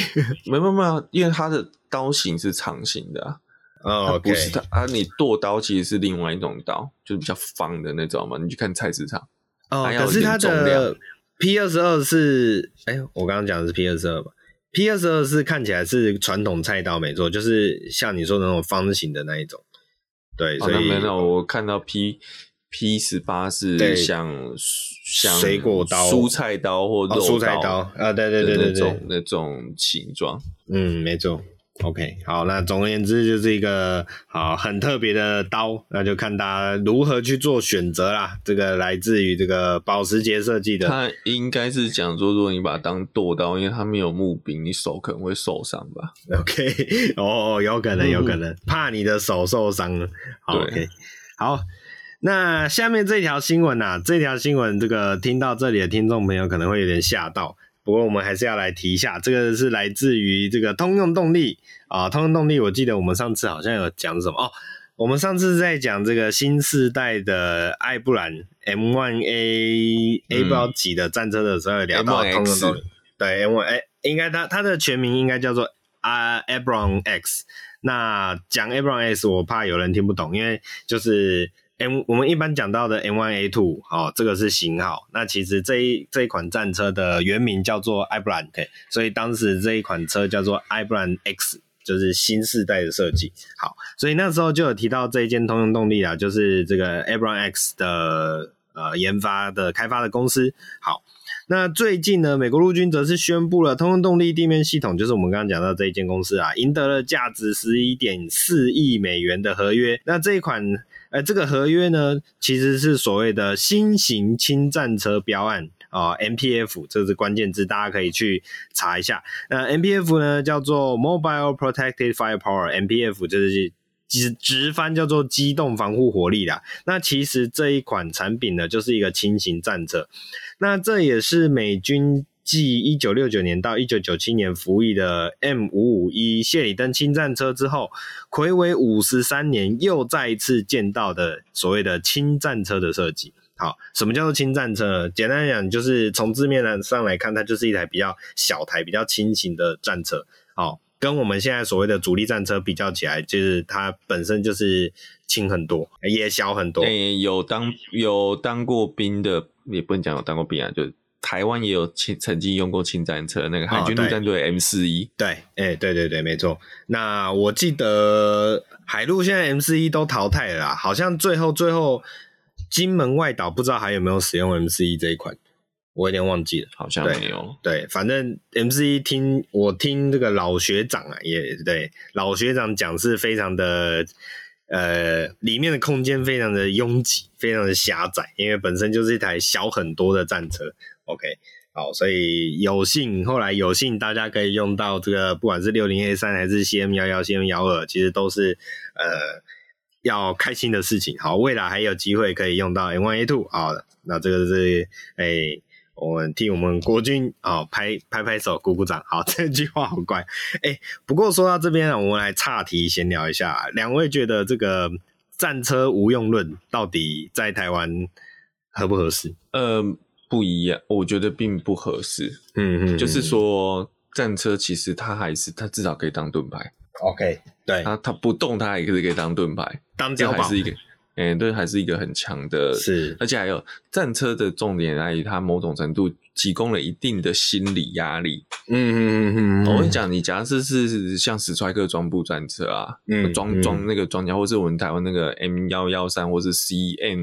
沒辦法，因為它的刀型是長形的啊。哦，不是它、oh, okay. 啊！你剁刀其實是另外一種刀，就是比較方的那種嘛。你去看菜市場哦，oh, 可是它的 P 二十二是，哎，我剛剛講的是 P 二十二吧？P 二十二是看起來是傳統菜刀，沒錯，就是像你說那種方形的那一種。對，所以那、oh, no, no, 我看到 P P 十八是像對像水果刀、蔬菜刀或肉刀、oh, 蔬菜刀啊，oh, 對對對對對，那種形狀，嗯，沒錯。OK，好，那總而言之就是一個好很特別的刀，那就看大家如何去做選擇啦。這個來自於這個保時捷設計的，他應該是講說，如果你把它當剁刀，因為它沒有木柄，你手可能會受傷吧。OK，哦，有可能，有可能，嗯、怕你的手受傷了。好對 OK，好，那下面這條新聞吶、啊，這條新聞這個聽到這裡的聽眾朋友可能會有點嚇到。不過我們還是要來提一下，這個是來自於這個通用動力啊。通用動力，我記得我們上次好像有講什麼哦？我們上次在講這個新世代的艾布蘭 M1A、嗯、A 包級的戰車的時候，有聊到通用動力。對，M1A 應該它它的全名應該叫做啊、uh, Abron X。那講 Abron X，我怕有人聽不懂，因為就是。M，我們一般講到的 M1A2，好、哦，這個是型號。那其實這一這一款戰車的原名叫做 Abrams，所以當時這一款車叫做 Abrams X，就是新世代的設計。好，所以那時候就有提到這一間通用動力啊，就是這個 Abrams X 的呃研發的開發的公司。好，那最近呢，美國陸軍則是宣布了通用動力地面系統，就是我們剛剛講到這一間公司啊，贏得了價值十一點四億美元的合約。那這一款。而這個合約呢，其實是所謂的新型輕戰車標案啊，呃，MPF 這是關鍵字，大家可以去查一下。那 MPF 呢叫做 Mobile Protected Firepower，MPF 就是直直翻叫做機動防護火力啦。那其實這一款產品呢，就是一個輕型戰車，那這也是美軍。繼一九六九年到一九九七年服役的 M 五五一謝里登輕戰車之後，睽違五十三年又再一次見到的所謂的輕戰車的設計。好，什麼叫做輕戰車？簡單講，就是從字面上上來看，它就是一台比較小台、比較輕型的戰車。好，跟我們現在所謂的主力戰車比較起來，就是它本身就是輕很多，也小很多。誒、欸，有當有當過兵的，也不能講有當過兵啊，就。台灣也有曾曾經用過輕戰車，那個海軍陸戰隊 M 四一、哦，對，哎、欸，對對對，沒錯。那我記得海陸現在 M 四一都淘汰了啦，好像最後最後金門外島不知道還有沒有使用 M 四一這一款，我有點忘記了，好像沒有對。對，反正 M 四一聽我聽這個老學長啊，也對老學長講是非常的呃，裡面的空間非常的擁擠，非常的狹窄，因為本身就是一台小很多的戰車。OK，好，所以有幸後來有幸大家可以用到這個，不管是六零 A 三還是 C M 幺幺、C M 幺二，其實都是呃要開心的事情。好，未來還有機會可以用到 M1A2，好的，那這個是哎、欸，我們替我們國軍哦、喔、拍拍拍手、鼓鼓掌。好，這句話好乖。哎、欸，不過說到這邊啊，我們來岔題閒聊一下，兩位覺得這個戰車無用論到底在台灣合不合適？呃。不一樣，我覺得並不合適。嗯哼嗯，就是說戰車其實它還是它至少可以當盾牌。OK，對，它它不動它也是可以當盾牌，當這還是一個，嗯、欸，對，還是一個很強的。是，而且還有戰車的重點在於它某種程度提供了一定的心理壓力。嗯哼嗯哼嗯嗯，我跟你講，你假設是像史崔克裝步戰車啊，裝裝、嗯嗯、那個裝甲，或是我們台灣那個 M 幺幺三，或是 C M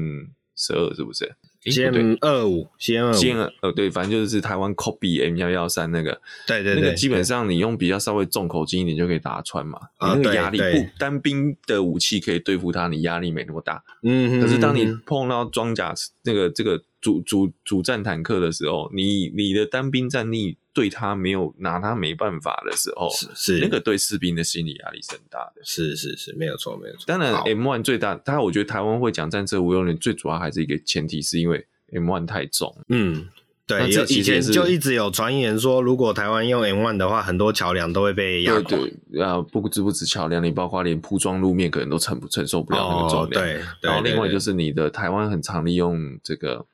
十二，是不是？C M 二五，C M 二五，C M 呃，對，反正就是台灣 copy M 幺幺三那個，對對對，那個基本上你用比較稍微重口徑一點就可以打穿嘛，那個、啊、壓力不對，對單兵的武器可以對付它，你壓力沒那麼大，嗯哼嗯哼，可是當你碰到裝甲那個這個主主主戰坦克的時候，你你的單兵戰力。對他沒有拿他沒辦法的時候，是是那個對士兵的心理壓力是很大的，是是是，沒有錯沒有錯。當然，M1 最大，好但我覺得台灣會講戰車無用論，最主要還是一個前提，是因為 M1 太重。嗯，對，這以前就一直有傳言說，如果台灣用 M1 的話，很多橋梁都會被壓垮，啊、呃，不止不止橋梁，你包括連鋪裝路面可能都承不承受不了那個重量。對、哦、對，對，然後另外就是你的對對對台灣很常利用這個。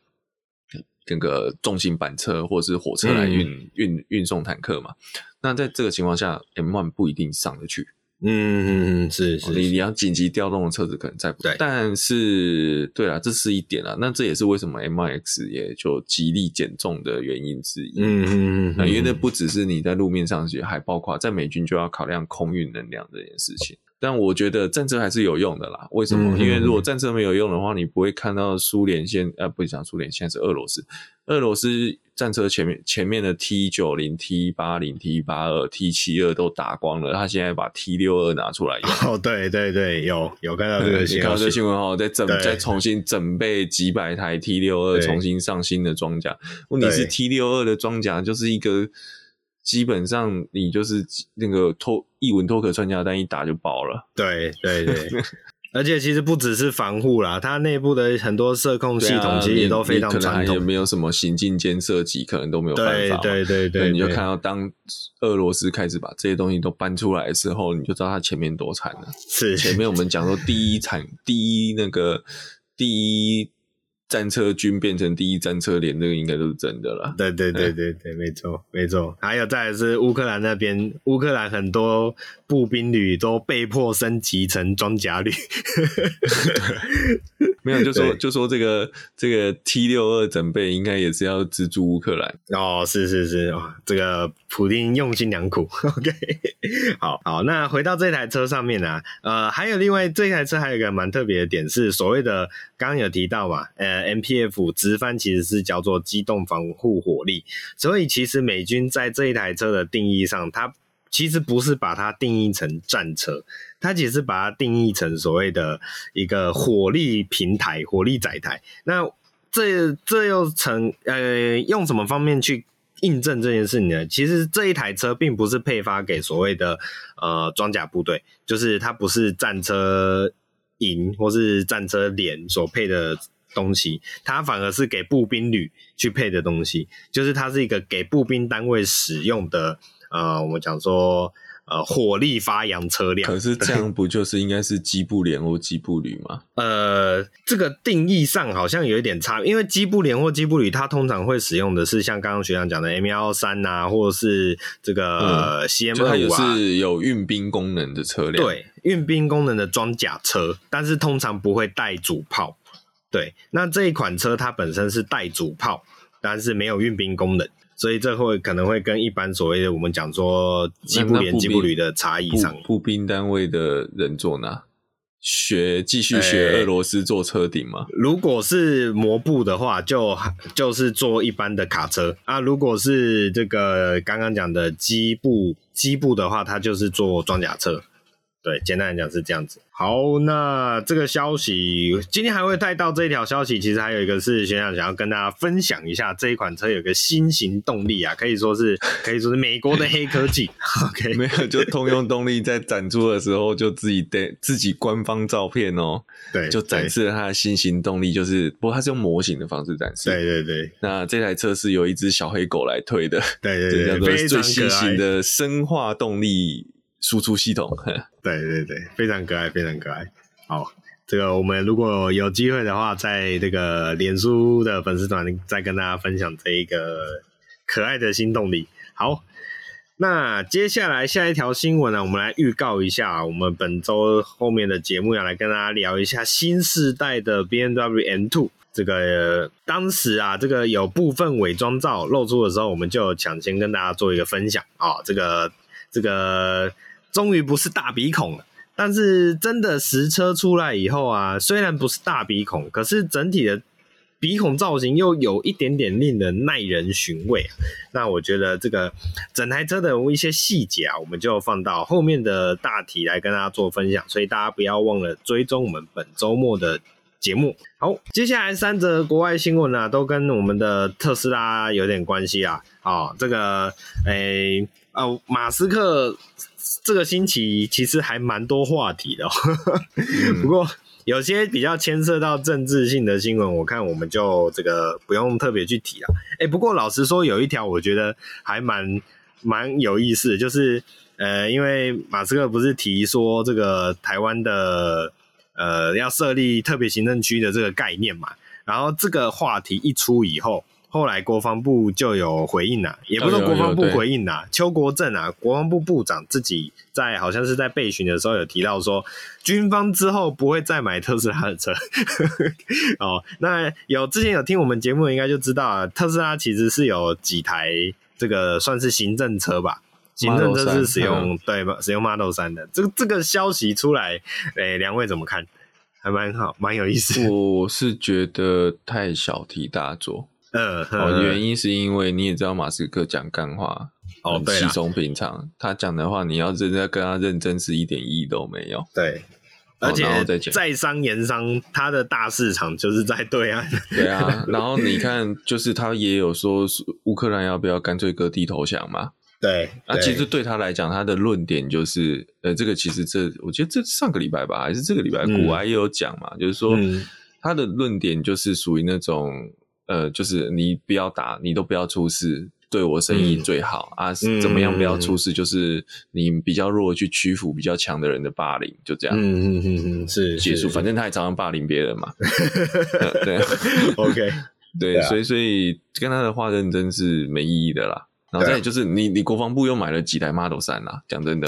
整個重型板車或者是火車來運、嗯、運運,運送坦克嘛，那在這個情況下，M One 不一定上得去。嗯，是是，哦、你你要緊急調動的車子可能在不在，但是對啦，這是一點啊。那這也是為什麼 M1X 也就極力減重的原因之一。嗯嗯嗯、呃，因為那不只是你在路面上去，還包括在美軍就要考量空運能量這件事情。但我覺得戰車還是有用的啦。為什麼？因為如果戰車沒有用的話，嗯、哼哼你不會看到蘇聯現呃，不會講蘇聯，現在是俄羅斯，俄羅斯戰車前面前面的 T 九零、T 八零、T 八二、T 七二都打光了，他現在把 T 六二拿出來。哦，對對對，有有看到這個新聞，嗯，你看到這個新聞齁在整對在重新整備幾百台 T 六二，重新上新的裝甲。對問題是 T 六二的裝甲就是一個。基本上你就是那個託一文脫殼穿甲彈，一打就爆了對。對對對， 而且其實不只是防護啦，它內部的很多射控系統其實也都非常傳統的。可能也沒有什麼行進間射擊，可能都沒有辦法對。對對對對，對對，你就看到當俄羅斯開始把這些東西都搬出來的時候，你就知道它前面多慘了。是前面我們講說第一慘 第一那個第一。戰車軍變成第一戰車連，這個應該都是真的啦。對對對對對，嗯、沒錯沒錯。還有再來是烏克蘭那邊，烏克蘭很多。步兵旅都被迫升級成裝甲旅 ， 沒有就說對就說這個這個 T 六二整備應該也是要資助烏克蘭哦，是是是，哦、這個普京用心良苦。OK，好好，那回到這台車上面呢、啊，呃，還有另外這台車還有一個蠻特別的點是所謂的，所謂的剛剛有提到嘛，呃，MPF 直翻其實是叫做機動防護火力，所以其實美軍在這一台車的定義上，它。其實不是把它定義成戰車，它只是把它定義成所謂的一個火力平台、火力載台。那這這又從呃用什麼方面去印證這件事情呢？其實這一台車並不是配發給所謂的呃裝甲部隊，就是它不是戰車營或是戰車連所配的東西，它反而是給步兵旅去配的東西，就是它是一個給步兵單位使用的。呃，我們講說，呃，火力發揚車輛，可是這樣不就是應該是機步連或機步旅嗎？ 呃，這個定義上好像有一點差，因為機步連或機步旅，它通常會使用的是像剛剛學長講的 M113 呢、啊，或者是這個 CMT5、啊。嗯、也是有運兵功能的車輛，對，運兵功能的裝甲車，但是通常不會帶主炮。對，那這一款車它本身是帶主炮，但是沒有運兵功能。所以這會可能會跟一般所謂的我們講說機步連、機步旅的差異上，步兵、兵單位的人坐哪？學繼續學俄羅斯坐車頂嗎？欸，如果是摩步的話就，就就是坐一般的卡車啊。如果是這個剛剛講的機步機步的話，他就是坐裝甲車。對，簡單來講是這樣子。好，那這個消息，今天還會帶到這一條消息。其實還有一個是，想想想要跟大家分享一下，這一款車有個新型動力啊，可以說是可以說是美國的黑科技。 OK，沒有，就通用動力在展出的時候就自己帶自己官方照片哦。對，就展示了它的新型動力，就是不過它是用模型的方式展示。對對對。那這台車是由一隻小黑狗來推的。對對對，叫做最新型的生化動力。對對對輸出系統， 對對對，非常可愛，非常可愛。好，這個我們如果有機會的話，在這個臉書的粉絲團再跟大家分享這一個可愛的新動力。好，那接下來下一條新聞呢、啊，我們來預告一下、啊，我們本周後面的節目要來跟大家聊一下新世代的 BMW M2。這個、呃、當時啊，這個有部分偽裝照露出的時候，我們就搶先跟大家做一個分享啊、哦，這個這個。終於不是大鼻孔了，但是真的實車出來以後啊，雖然不是大鼻孔，可是整體的鼻孔造型又有一點點令人耐人尋味啊。那我覺得這個整台車的一些細節啊，我們就放到後面的大題來跟大家做分享，所以大家不要忘了追蹤我們本周末的節目。好，接下來三則國外新聞啊，都跟我們的特斯拉有點關係啊。哦，這個，哎，哦，啊，馬斯克。這個星期其實還蠻多話題的哦， 不過有些比較牽涉到政治性的新聞，我看我們就這個不用特別去提了。哎，不過老實說，有一條我覺得還蠻蠻有意思，就是呃，因為馬斯克不是提說這個台灣的呃要設立特別行政區的這個概念嘛？然後這個話題一出以後。後來國防部就有回應了，啊、也不是說國防部回應吶，啊，邱國正啊，國防部部長自己在好像是在備詢的時候有提到說，軍方之後不會再買特斯拉的車。 哦，那有之前有聽我們節目應該就知道啊，特斯拉其實是有幾台這個算是行政車吧，行政車是使用 Model 3，嗯、對吧？使用 Model 3的，這個這個消息出來，哎、欸，兩位怎麼看？還蠻好，蠻有意思。我是覺得太小題大做。原因是因為你也知道馬斯克講幹話，哦，稀鬆平常，他講的話你要真的跟他認真，是一點意義都沒有。對，而且在商言商，他的大市場就是在對岸。對啊，然後你看，就是他也有說烏克蘭要不要乾脆割地投降嘛？對，那其實對他來講，他的論點就是，呃，這個其實這，我覺得這上個禮拜吧，還是這個禮拜，古來也有講嘛，就是說他的論點就是屬於那種。呃，就是你不要打，你都不要出事，對我生意最好、嗯、啊！怎麼樣不要出事？就是你比較弱去屈服比較強的人的霸凌，就這樣。嗯嗯嗯嗯，是結束。反正他也常常霸凌別人嘛。對，OK，Yeah .對，所以所以跟他的話認真，真是沒意義的啦。然後再也就是你，你、啊、你國防部又買了幾台 Model 三啦、啊？講真的，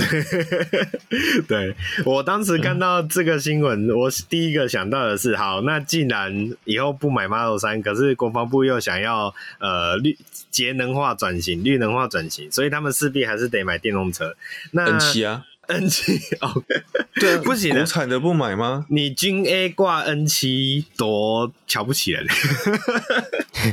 對，我當時看到這個新聞，嗯、我第一個想到的是，好，那既然以後不買 Model 三，可是國防部又想要呃綠節能化轉型、綠能化轉型，所以他們勢必還是得買電動車。分期啊。N 七哦，對，不行的，無產的不買嗎？你軍 A 掛 N 七多瞧不起人，是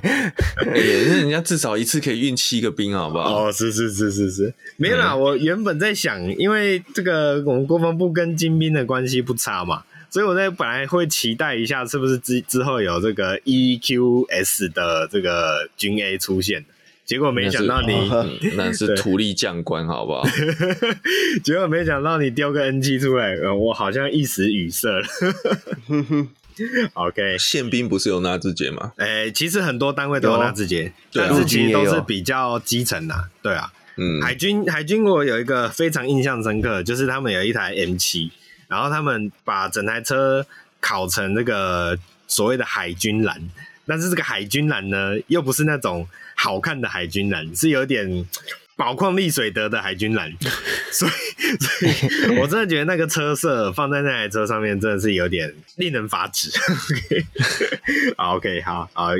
欸、人家至少一次可以運七個兵，好不好？哦，是是是是是，沒有啦。嗯、我原本在想，因為這個我們國防部跟精兵的關係不差嘛，所以我在本來會期待一下，是不是之之後有這個 EQS 的這個軍 A 出現？結果沒想到你那是，哦、嗯、那是土力將官，好不好？對 結果沒想到你丟個 M7 出來，嗯，我好像一時語塞了。 OK，憲兵不是有納智捷嗎？哎、欸，其實很多單位都有納智捷，納智捷都是比較基層的。對啊，嗯海軍，海軍海軍，我有一個非常印象深刻，就是他們有一台 M7，然後他們把整台車烤成那個所謂的海軍藍。但是這個海軍藍呢，又不是那種好看的海軍藍，是有點寶礦力水得的海軍藍，所以，所以我真的覺得那個車色放在那台車上面，真的是有點令人髮指。好 okay，OK，好好呃，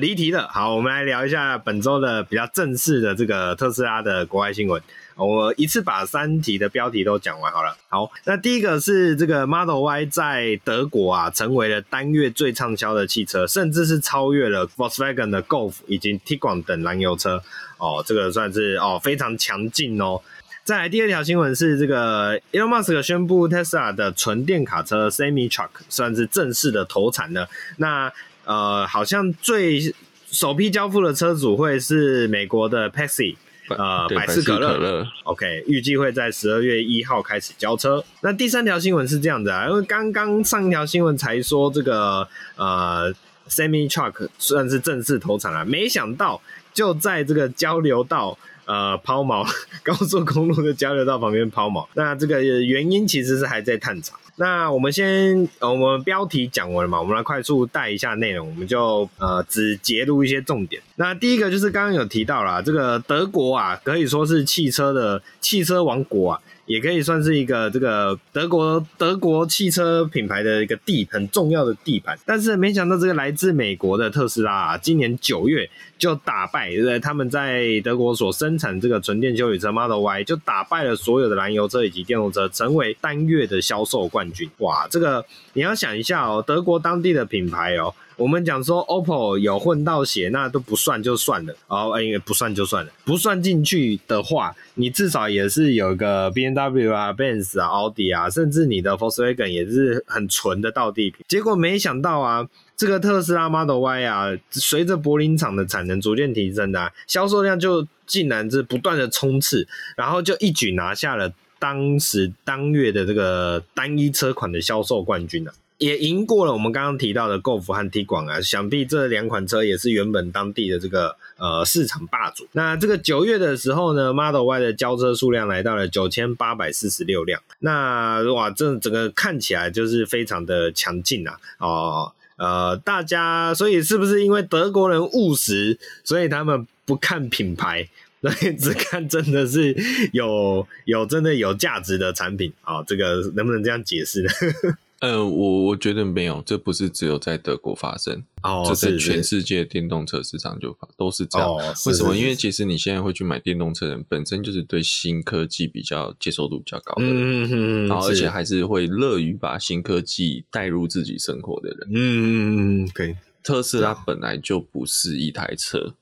離題了。好，我們來聊一下本周的比較正式的這個特斯拉的國外新聞。我一次把三題的標題都講完好了。好，那第一個是這個 Model Y 在德國啊成為了單月最暢銷的汽車，甚至是超越了 Volkswagen 的 Golf 以及 Tiguan 等燃油車哦。這個算是哦非常強勁哦。再來第二條新聞是這個 Elon Musk 宣布 Tesla 的純電卡車 Semi Truck 算是正式的投產了。那呃好像最首批交付的車主會是美國的 Pepsi。呃，對百事可樂，OK，預計會在十二月一號開始交車。那第三條新聞是這樣子啊，因為剛剛上一條新聞才說這個呃，semi truck 算是正式投產了，啊，沒想到就在這個交流道。呃，拋錨，高速公路的交流道旁邊拋錨，那這個原因其實是還在探查。那我們先，我們標題講完了嘛，我們來快速帶一下內容，我們就呃只截錄一些重點。那第一個就是剛剛有提到啦，這個德國啊，可以說是汽車的汽車王國啊。也可以算是一個這個德國德國汽車品牌的一個地很重要的地盤，但是沒想到這個來自美國的特斯拉，啊，今年九月就打敗，他們在德國所生產這個純電休旅車 Model Y，就打敗了所有的燃油車以及電動車，成為單月的銷售冠軍。哇，這個你要想一下哦，喔，德國當地的品牌哦，喔。我們講說，OPPO 有混到血，那都不算就算了，哦，哎，不算就算了，不算進去的話，你至少也是有個 BMW 啊、Benz 啊、奧、啊啊、迪啊，甚至你的 Volkswagen 也是很純的道地品。結果沒想到啊，這個特斯拉 Model Y 啊，隨着柏林廠的產能逐漸提升啊，銷售量就竟然是不斷的衝刺，然後就一舉拿下了當時當月的這個單一車款的銷售冠軍啊。也贏過了我們剛剛提到的 Golf 和 Tiguan 啊，想必這兩款車也是原本當地的這個呃市場霸主。那這個九月的時候呢，Model Y 的交車數量來到了九千八百四十六輛，那哇，這整個看起來就是非常的強勁啊！哦呃，大家所以是不是因為德國人務實，所以他們不看品牌，所以只看真的是有有真的有價值的產品啊，哦，這個能不能這樣解釋呢？ 嗯、呃，我我覺得沒有，這不是只有在德國發生，這、oh, 是全世界電動車市場就發，是是是都是這樣。Oh, 為什麼？是是是因為其實你現在會去買電動車的人，本身就是對新科技比較接受度比較高的人，嗯嗯哼然後而且還是會樂於把新科技帶入自己生活的人，嗯嗯嗯嗯，可、okay、以。特斯拉本來就不是一台車，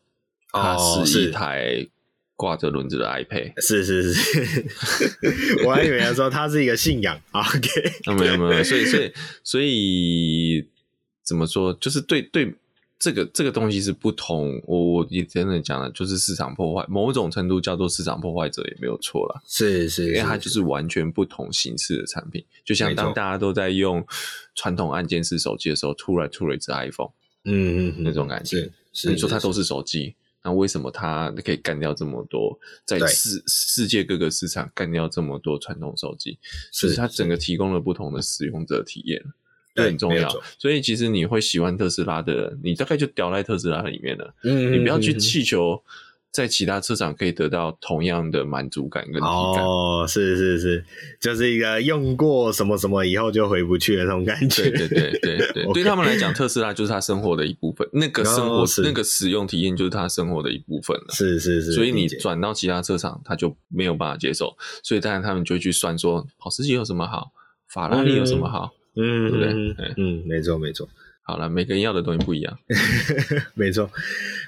它、oh, 哦、是一台。掛着輪子的 iPad，是是是，我還以為說它是一個信仰。OK，那沒有沒有，所以所以所以怎麼說，就是對對這個這個東西是不同。我我也真的講了，就是市場破壞，某種程度叫做市場破壞者也沒有錯了。是是，因為它就是完全不同形式的產品。就像當大家都在用傳統按鍵式手機的時候，突然出來一隻 iPhone，嗯嗯，那種感覺，你說它都是手機。那為什麼它可以幹掉這麼多，在世世界各個市場幹掉這麼多傳統手機？是，就是它整個提供了不同的使用者體驗，很重要。所以其實你會喜歡特斯拉的人，你大概就掉在特斯拉裡面了。嗯，你不要去氣球。在其他車廠可以得到同樣的滿足感跟體驗哦，是是是，就是一個用過什麼什麼以後就回不去的那種感覺，對對對對對， 對他們來講，Okay 特斯拉就是他生活的一部分，那個生活，oh, 是那個使用體驗就是他生活的一部分了，是，是是是，所以你轉到其他車廠，他就沒有辦法接受，所以當然他們就會去算說，保時捷有什麼好，法拉利有什麼好，嗯，對不對？嗯，對嗯，沒錯沒錯。好了，每個人要的東西不一樣， 沒錯。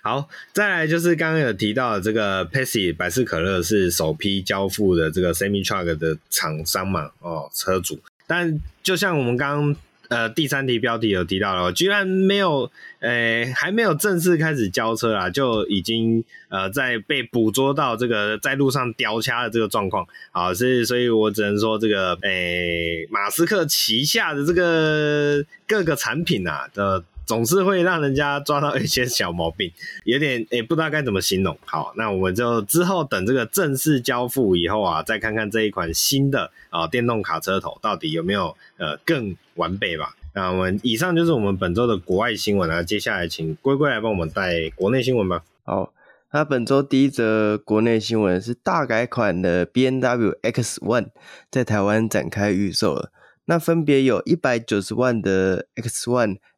好，再來就是剛剛有提到的這個 Pepsi 百事可樂是首批交付的這個 Semi Truck 的廠商嘛，哦，車主，但就像我們剛剛。呃，第三題標題有提到了，我居然沒有，呃、欸，還沒有正式開始交車啊，就已經呃在被捕捉到這個在路上刁掐的這個狀況啊，是，所以我只能說這個，誒、欸，馬斯克旗下的這個各個產品啊的。總是會讓人家抓到一些小毛病，有點誒、欸，不知道該怎麼形容。好，那我們就之後等這個正式交付以後啊，再看看這一款新的啊、呃、電動卡車頭到底有沒有呃更完備吧。那我們以上就是我們本周的國外新聞了，啊，接下來請龜龜來幫我們帶國內新聞吧。好，那本周第一則國內新聞是大改款的 BMW X1 在台灣展開預售了，那分別有一百九十萬的 X1。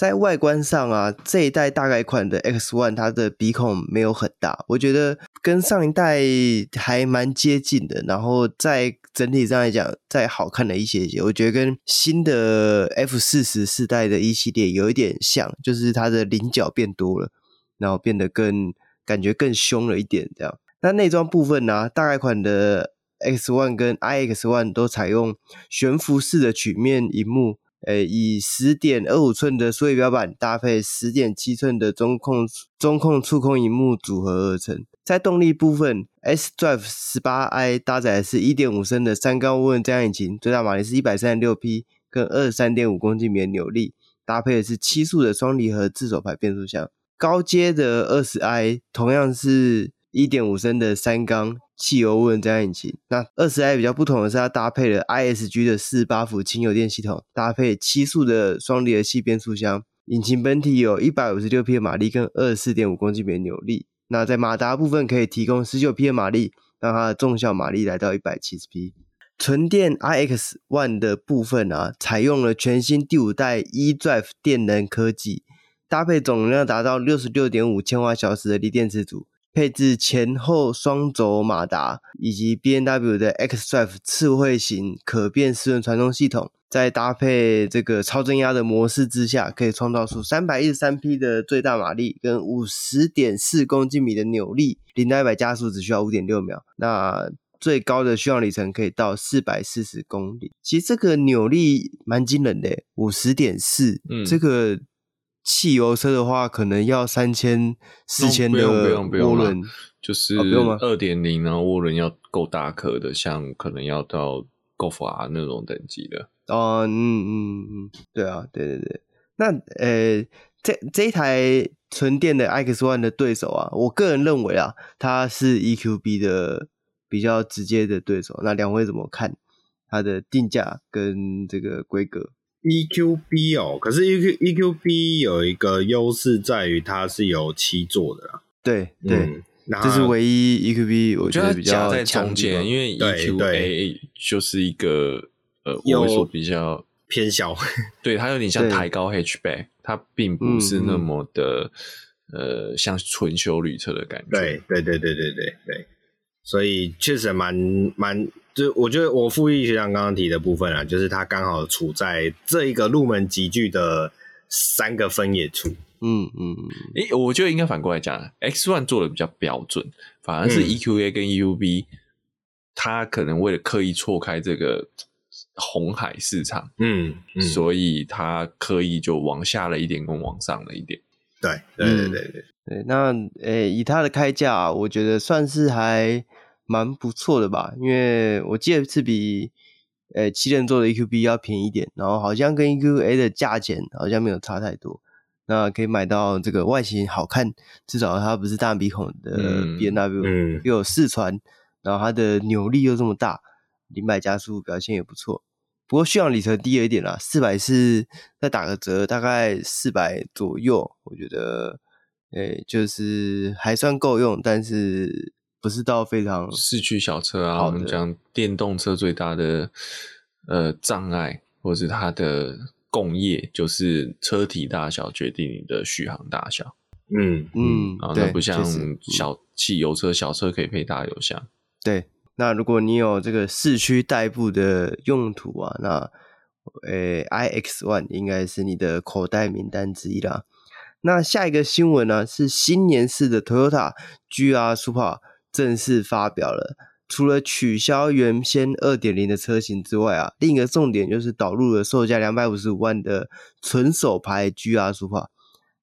在外觀上啊，這一代大改款的 X1，它的鼻孔沒有很大，我覺得跟上一代還蠻接近的。然後在整體上來講，再好看了一些一些，我覺得跟新的 F 四十四代的一、e、系列有一點像，就是它的稜角變多了，然後變得更感覺更兇了一點這樣。那內裝部分呢、啊，大改款的 X1 跟 iX1 都採用懸浮式的曲面熒幕。誒，以十點二五寸的數位儀表板搭配十點七寸的中控中控觸控熒幕組合而成。在動力部分，S Drive 十八 i 搭載的是一點五升的三缸渦輪增壓引擎，最大馬力是一百三十六匹，跟二十三點五公斤米的扭力，搭配的是七速的雙離合自手排變速箱。高階的二十 i 同樣是，1.5升的三缸汽油渦輪增壓引擎，那 20i 比較不同的是，它搭配了 ISG 的四八伏輕油電系統，搭配七速的雙離合器變速箱。引擎本體有156匹馬力跟24.5公斤米扭力。那在馬達部分可以提供19匹馬力，讓它的綜效馬力來到170匹。純電 iX1 的部分啊，採用了全新第五代 eDrive 電能科技，搭配總量達到66.5千瓦小時的鋰電池組。配置前後雙軸馬達以及 BMW 的 X Drive 智慧型可變四輪傳動系統，在搭配這個超增壓的模式之下，可以創造出三百一十三匹的最大馬力跟五十點四公斤米的扭力，零到一百加速只需要五點六秒。那最高的續航里程可以到四百四十公里。其實這個扭力蠻驚人的，五十點四，嗯，這個。汽油車的話，可能要三千四千的渦輪，哦，就是二點零，然後渦輪要夠大顆的，像可能要到 Golf R 那種等級的。哦，嗯嗯嗯，對啊，對對對。那呃，這這一台純電的 X1 的對手啊，我個人認為啊，它是 EQB 的比較直接的對手。那兩位怎麼看它的定價跟這個規格？E Q B 哦，可是 E Q E Q B 有一個優勢在於它是有七座的啦、啊。對對，嗯、它這是唯一 E Q B，我覺得比較中覺得在中間，因為 E Q A 就是一個呃，我會說比較偏小， 對它有點像抬高 Hatchback 它並不是那麼的對呃像純休旅車的感覺。對對對對對對對，對所以確實蠻蠻。就我覺得，我傅毅學長剛剛提的部分啊，就是他剛好處在這一個入門級距的三個分野處。嗯嗯，哎、嗯欸，我覺得應該反過來講，X1 做的比較標準，反而是 EQA 跟 EQB，、e 嗯、他可能為了刻意錯開這個紅海市場，嗯嗯，嗯所以他刻意就往下了一點，跟往上了一點。對對對對對。嗯、那誒、欸，以他的開價、啊，我覺得算是還。蠻不錯的吧，因為我記得是比呃、欸、七人座的 E Q B 要便宜一點，然後好像跟 E Q A 的價錢好像沒有差太多。那可以買到這個外形好看，至少它不是大鼻孔的 B M W，嗯、又有四傳，嗯、然後它的扭力又這麼大，零百加速表現也不錯。不過續航里程低了一點啦，四百是再打個折，大概四百左右，我覺得誒、欸、就是還算夠用，但是。不是到非常市區小車啊，我們講電動車最大的呃障礙，或是它的工業，就是車體大小決定你的續航大小。嗯嗯，啊、嗯，然後那不像小、就是、小汽油車，小車可以配大油箱。對，那如果你有這個市區代步的用途啊，那誒、欸、iX1 應該是你的口袋名單之一啦。那下一個新聞呢、啊，是新年式的 Toyota GR Supra 正式發表了，除了取消原先二點零的車型之外啊，另一個重點就是導入了售價兩百五十五萬的純手排 GR Supra。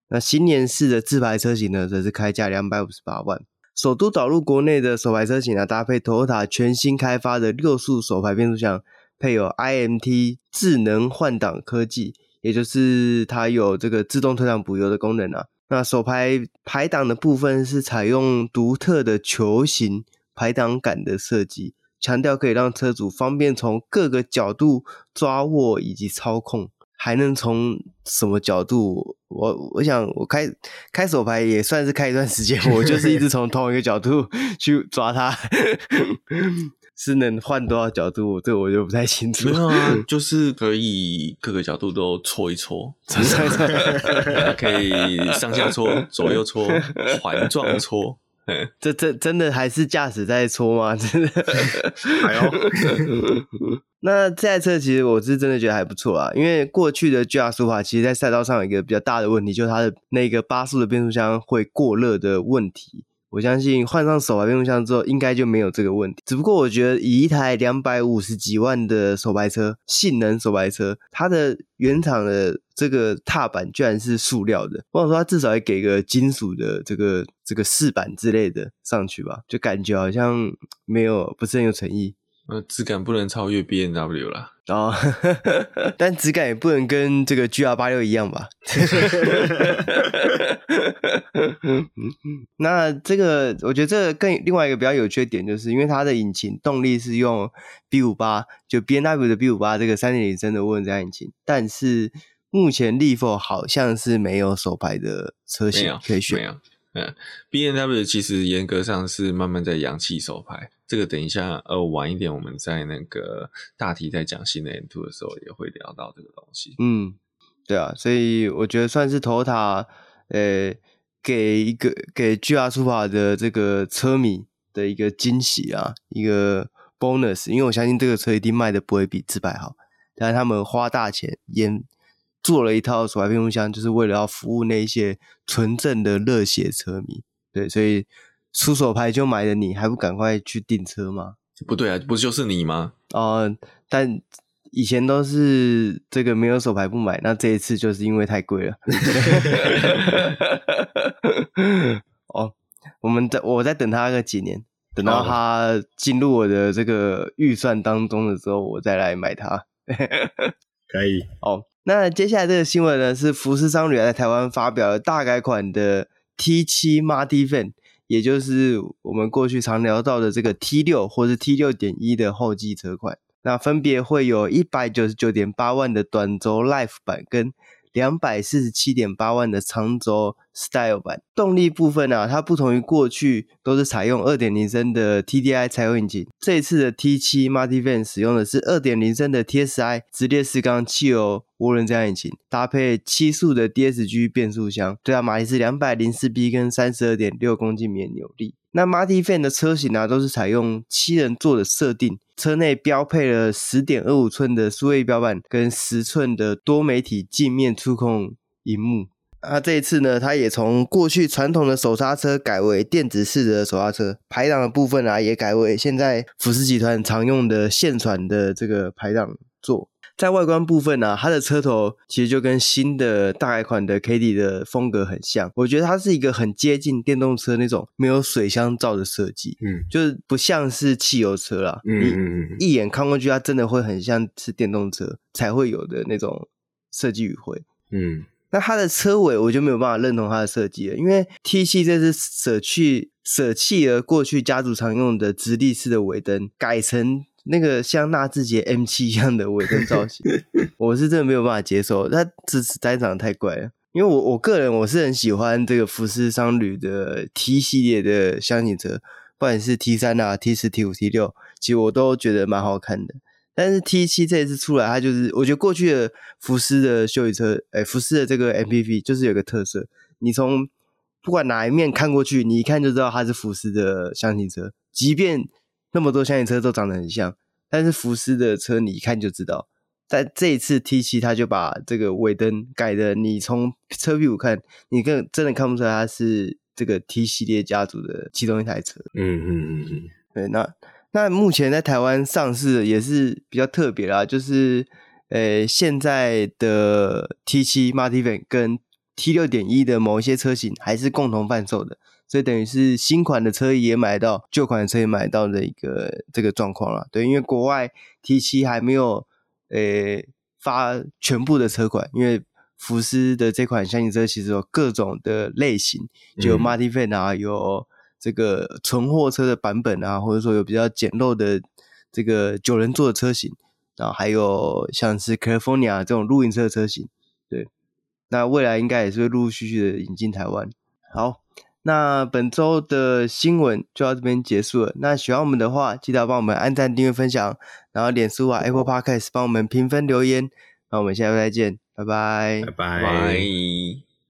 那新年式的自排車型呢，則是開價兩百五十八萬。首度導入國內的手排車型啊，搭配 Toyota 全新開發的六速手排變速箱，配有 I M T 智能換擋科技，也就是它有這個自動退檔補油的功能啊。那手排排擋的部分是採用獨特的球形排擋桿的設計，強調可以讓車主方便從各個角度抓握以及操控。還能從什麼角度？我我想我開開手排也算是開一段時間，我就是一直從同一個角度去抓它。 是能換多少角度？這個，我就不太清楚了。沒有、啊、就是可以各個角度都搓一搓， 可以上下搓、左右搓、環狀搓。 這這真的還是駕駛在搓嗎？真的。還有，那這台車其實我是真的覺得還不錯啊，因為過去的 GR Supra 其實，在賽道上有一個比較大的問題，就是它的那個八速的變速箱會過熱的問題。我相信換上手排變速箱之後，應該就沒有這個問題。只不過我覺得，以一台兩百五十幾萬的手排車，性能手排車，它的原廠的這個踏板居然是塑料的，我想說它至少也給個金屬的這個這個飾板之類的上去吧，就感覺好像沒有，不是很有誠意。呃，質感不能超越 BMW 啦。哦， 但質感也不能跟這個 G R 八六一樣吧。 那這個，我覺得這個更另外一個比較有缺點，就是因為它的引擎動力是用 B 五八，就 B M W 的 B 五八這個三點零升的渦輪增壓引擎，但是目前力佛好像是沒有手排的車型可以選。嗯、b N W 其實嚴格上是慢慢在揚棄手牌，這個等一下呃晚一點，我們在那個大題在講新的源圖的時候也會聊到這個東西。嗯，對啊，所以我覺得算是頭塔、欸，呃給一個給 G R 出發的這個車迷的一個驚喜啊，一個 bonus，因為我相信這個車一定賣的不會比自白好，但他們花大錢煙，做了一套手排變速箱，就是為了要服務那些純正的熱血車迷，對，所以出手排就買的你，還不趕快去訂車嗎？不對啊，不是就是你嗎？哦，uh, 但以前都是這個沒有手排不買，那這一次就是因為太貴了。哦 oh, 我們在我在等他個幾年，等到他進入我的這個預算當中的時候，我再來買它。 可以，哦。Oh, 那接下來這個新聞呢，是福斯商旅在台灣發表的大改款的 T7 Multivan 也就是我們過去常聊到的這個 T6 或是 T6.1 的後繼車款。那分別會有一百九十九點八萬的短軸 Life 版跟兩百四十七點八萬的長軸。Style 版，動力部分啊，它不同於過去都是採用二點零升的 T D I 柴油引擎，這一次的 T 七 Multivan 使用的是二點零升的 T S I 直列四缸汽油渦輪增壓引擎，搭配七速的 D S G 變速箱，最大、啊、馬力是兩百零四匹跟三十二點六公斤米的扭力。那 Multivan 的車型呢、啊，都是採用七人座的設定，車內標配了十點二五寸的數位儀表板跟十寸的多媒體鏡面觸控熒幕那、啊、這一次呢，它也從過去傳統的手剎車改為電子式的手剎車，排檔的部分呢、啊、也改為現在福斯集團常用的線傳的這個排檔座。在外觀部分呢、啊，它的車頭其實就跟新的大改款的 K D 的風格很像，我覺得它是一個很接近電動車那種沒有水箱罩的設計，嗯，就是不像是汽油車了，嗯嗯嗯一，一眼看過去，它真的會很像是電動車才會有的那種設計語彙，嗯。那它的車尾我就沒有辦法認同它的設計了，因為 T 七這是捨去捨棄了過去家族常用的直立式的尾燈，改成那個像納智捷 M 七一樣的尾燈造型，我是真的沒有辦法接受，它這車長得太怪了。因為我我個人我是很喜歡這個福斯商旅的 T 系列的廂型車，不管是 T 三啊、T 四、T 五、T 六，其實我都覺得蠻好看的。但是 T 七這一次出來，它就是我覺得過去的福斯的休旅車，哎、欸，福斯的這個 MPV 就是有個特色，你從不管哪一面看過去，你一看就知道它是福斯的廂型車。即便那麼多廂型車都長得很像，但是福斯的車你一看就知道。但這一次 T 七，它就把這個尾燈改的，你從車屁股看，你更真的看不出來它是這個 T 系列家族的其中一台車。嗯嗯嗯嗯，嗯嗯嗯對，那。那目前在台灣上市也是比較特別啦，就是呃、欸、現在的 T 七 Multivan 跟 T 六點一的某一些車型還是共同販售的，所以等於是新款的車也買到，舊款的車也買到的一個這個狀況啦。對，因為國外 T 七還沒有呃、欸、發全部的車款，因為福斯的這款廂型車其實有各種的類型，就有 Multivan 啊，嗯、有。這個純貨車的版本啊，或者說有比較簡陋的這個九人座的車型，然後還有像是 California 這種露營車的車型，對，那未來應該也是會陸陸續續的引進台灣。好，那本週的新聞就到這邊結束了。那喜歡我們的話，記得幫我們按讚、訂閱、分享，然後臉書啊、Apple Podcast 幫我們評分留言。那我們下週再見，拜拜，拜拜。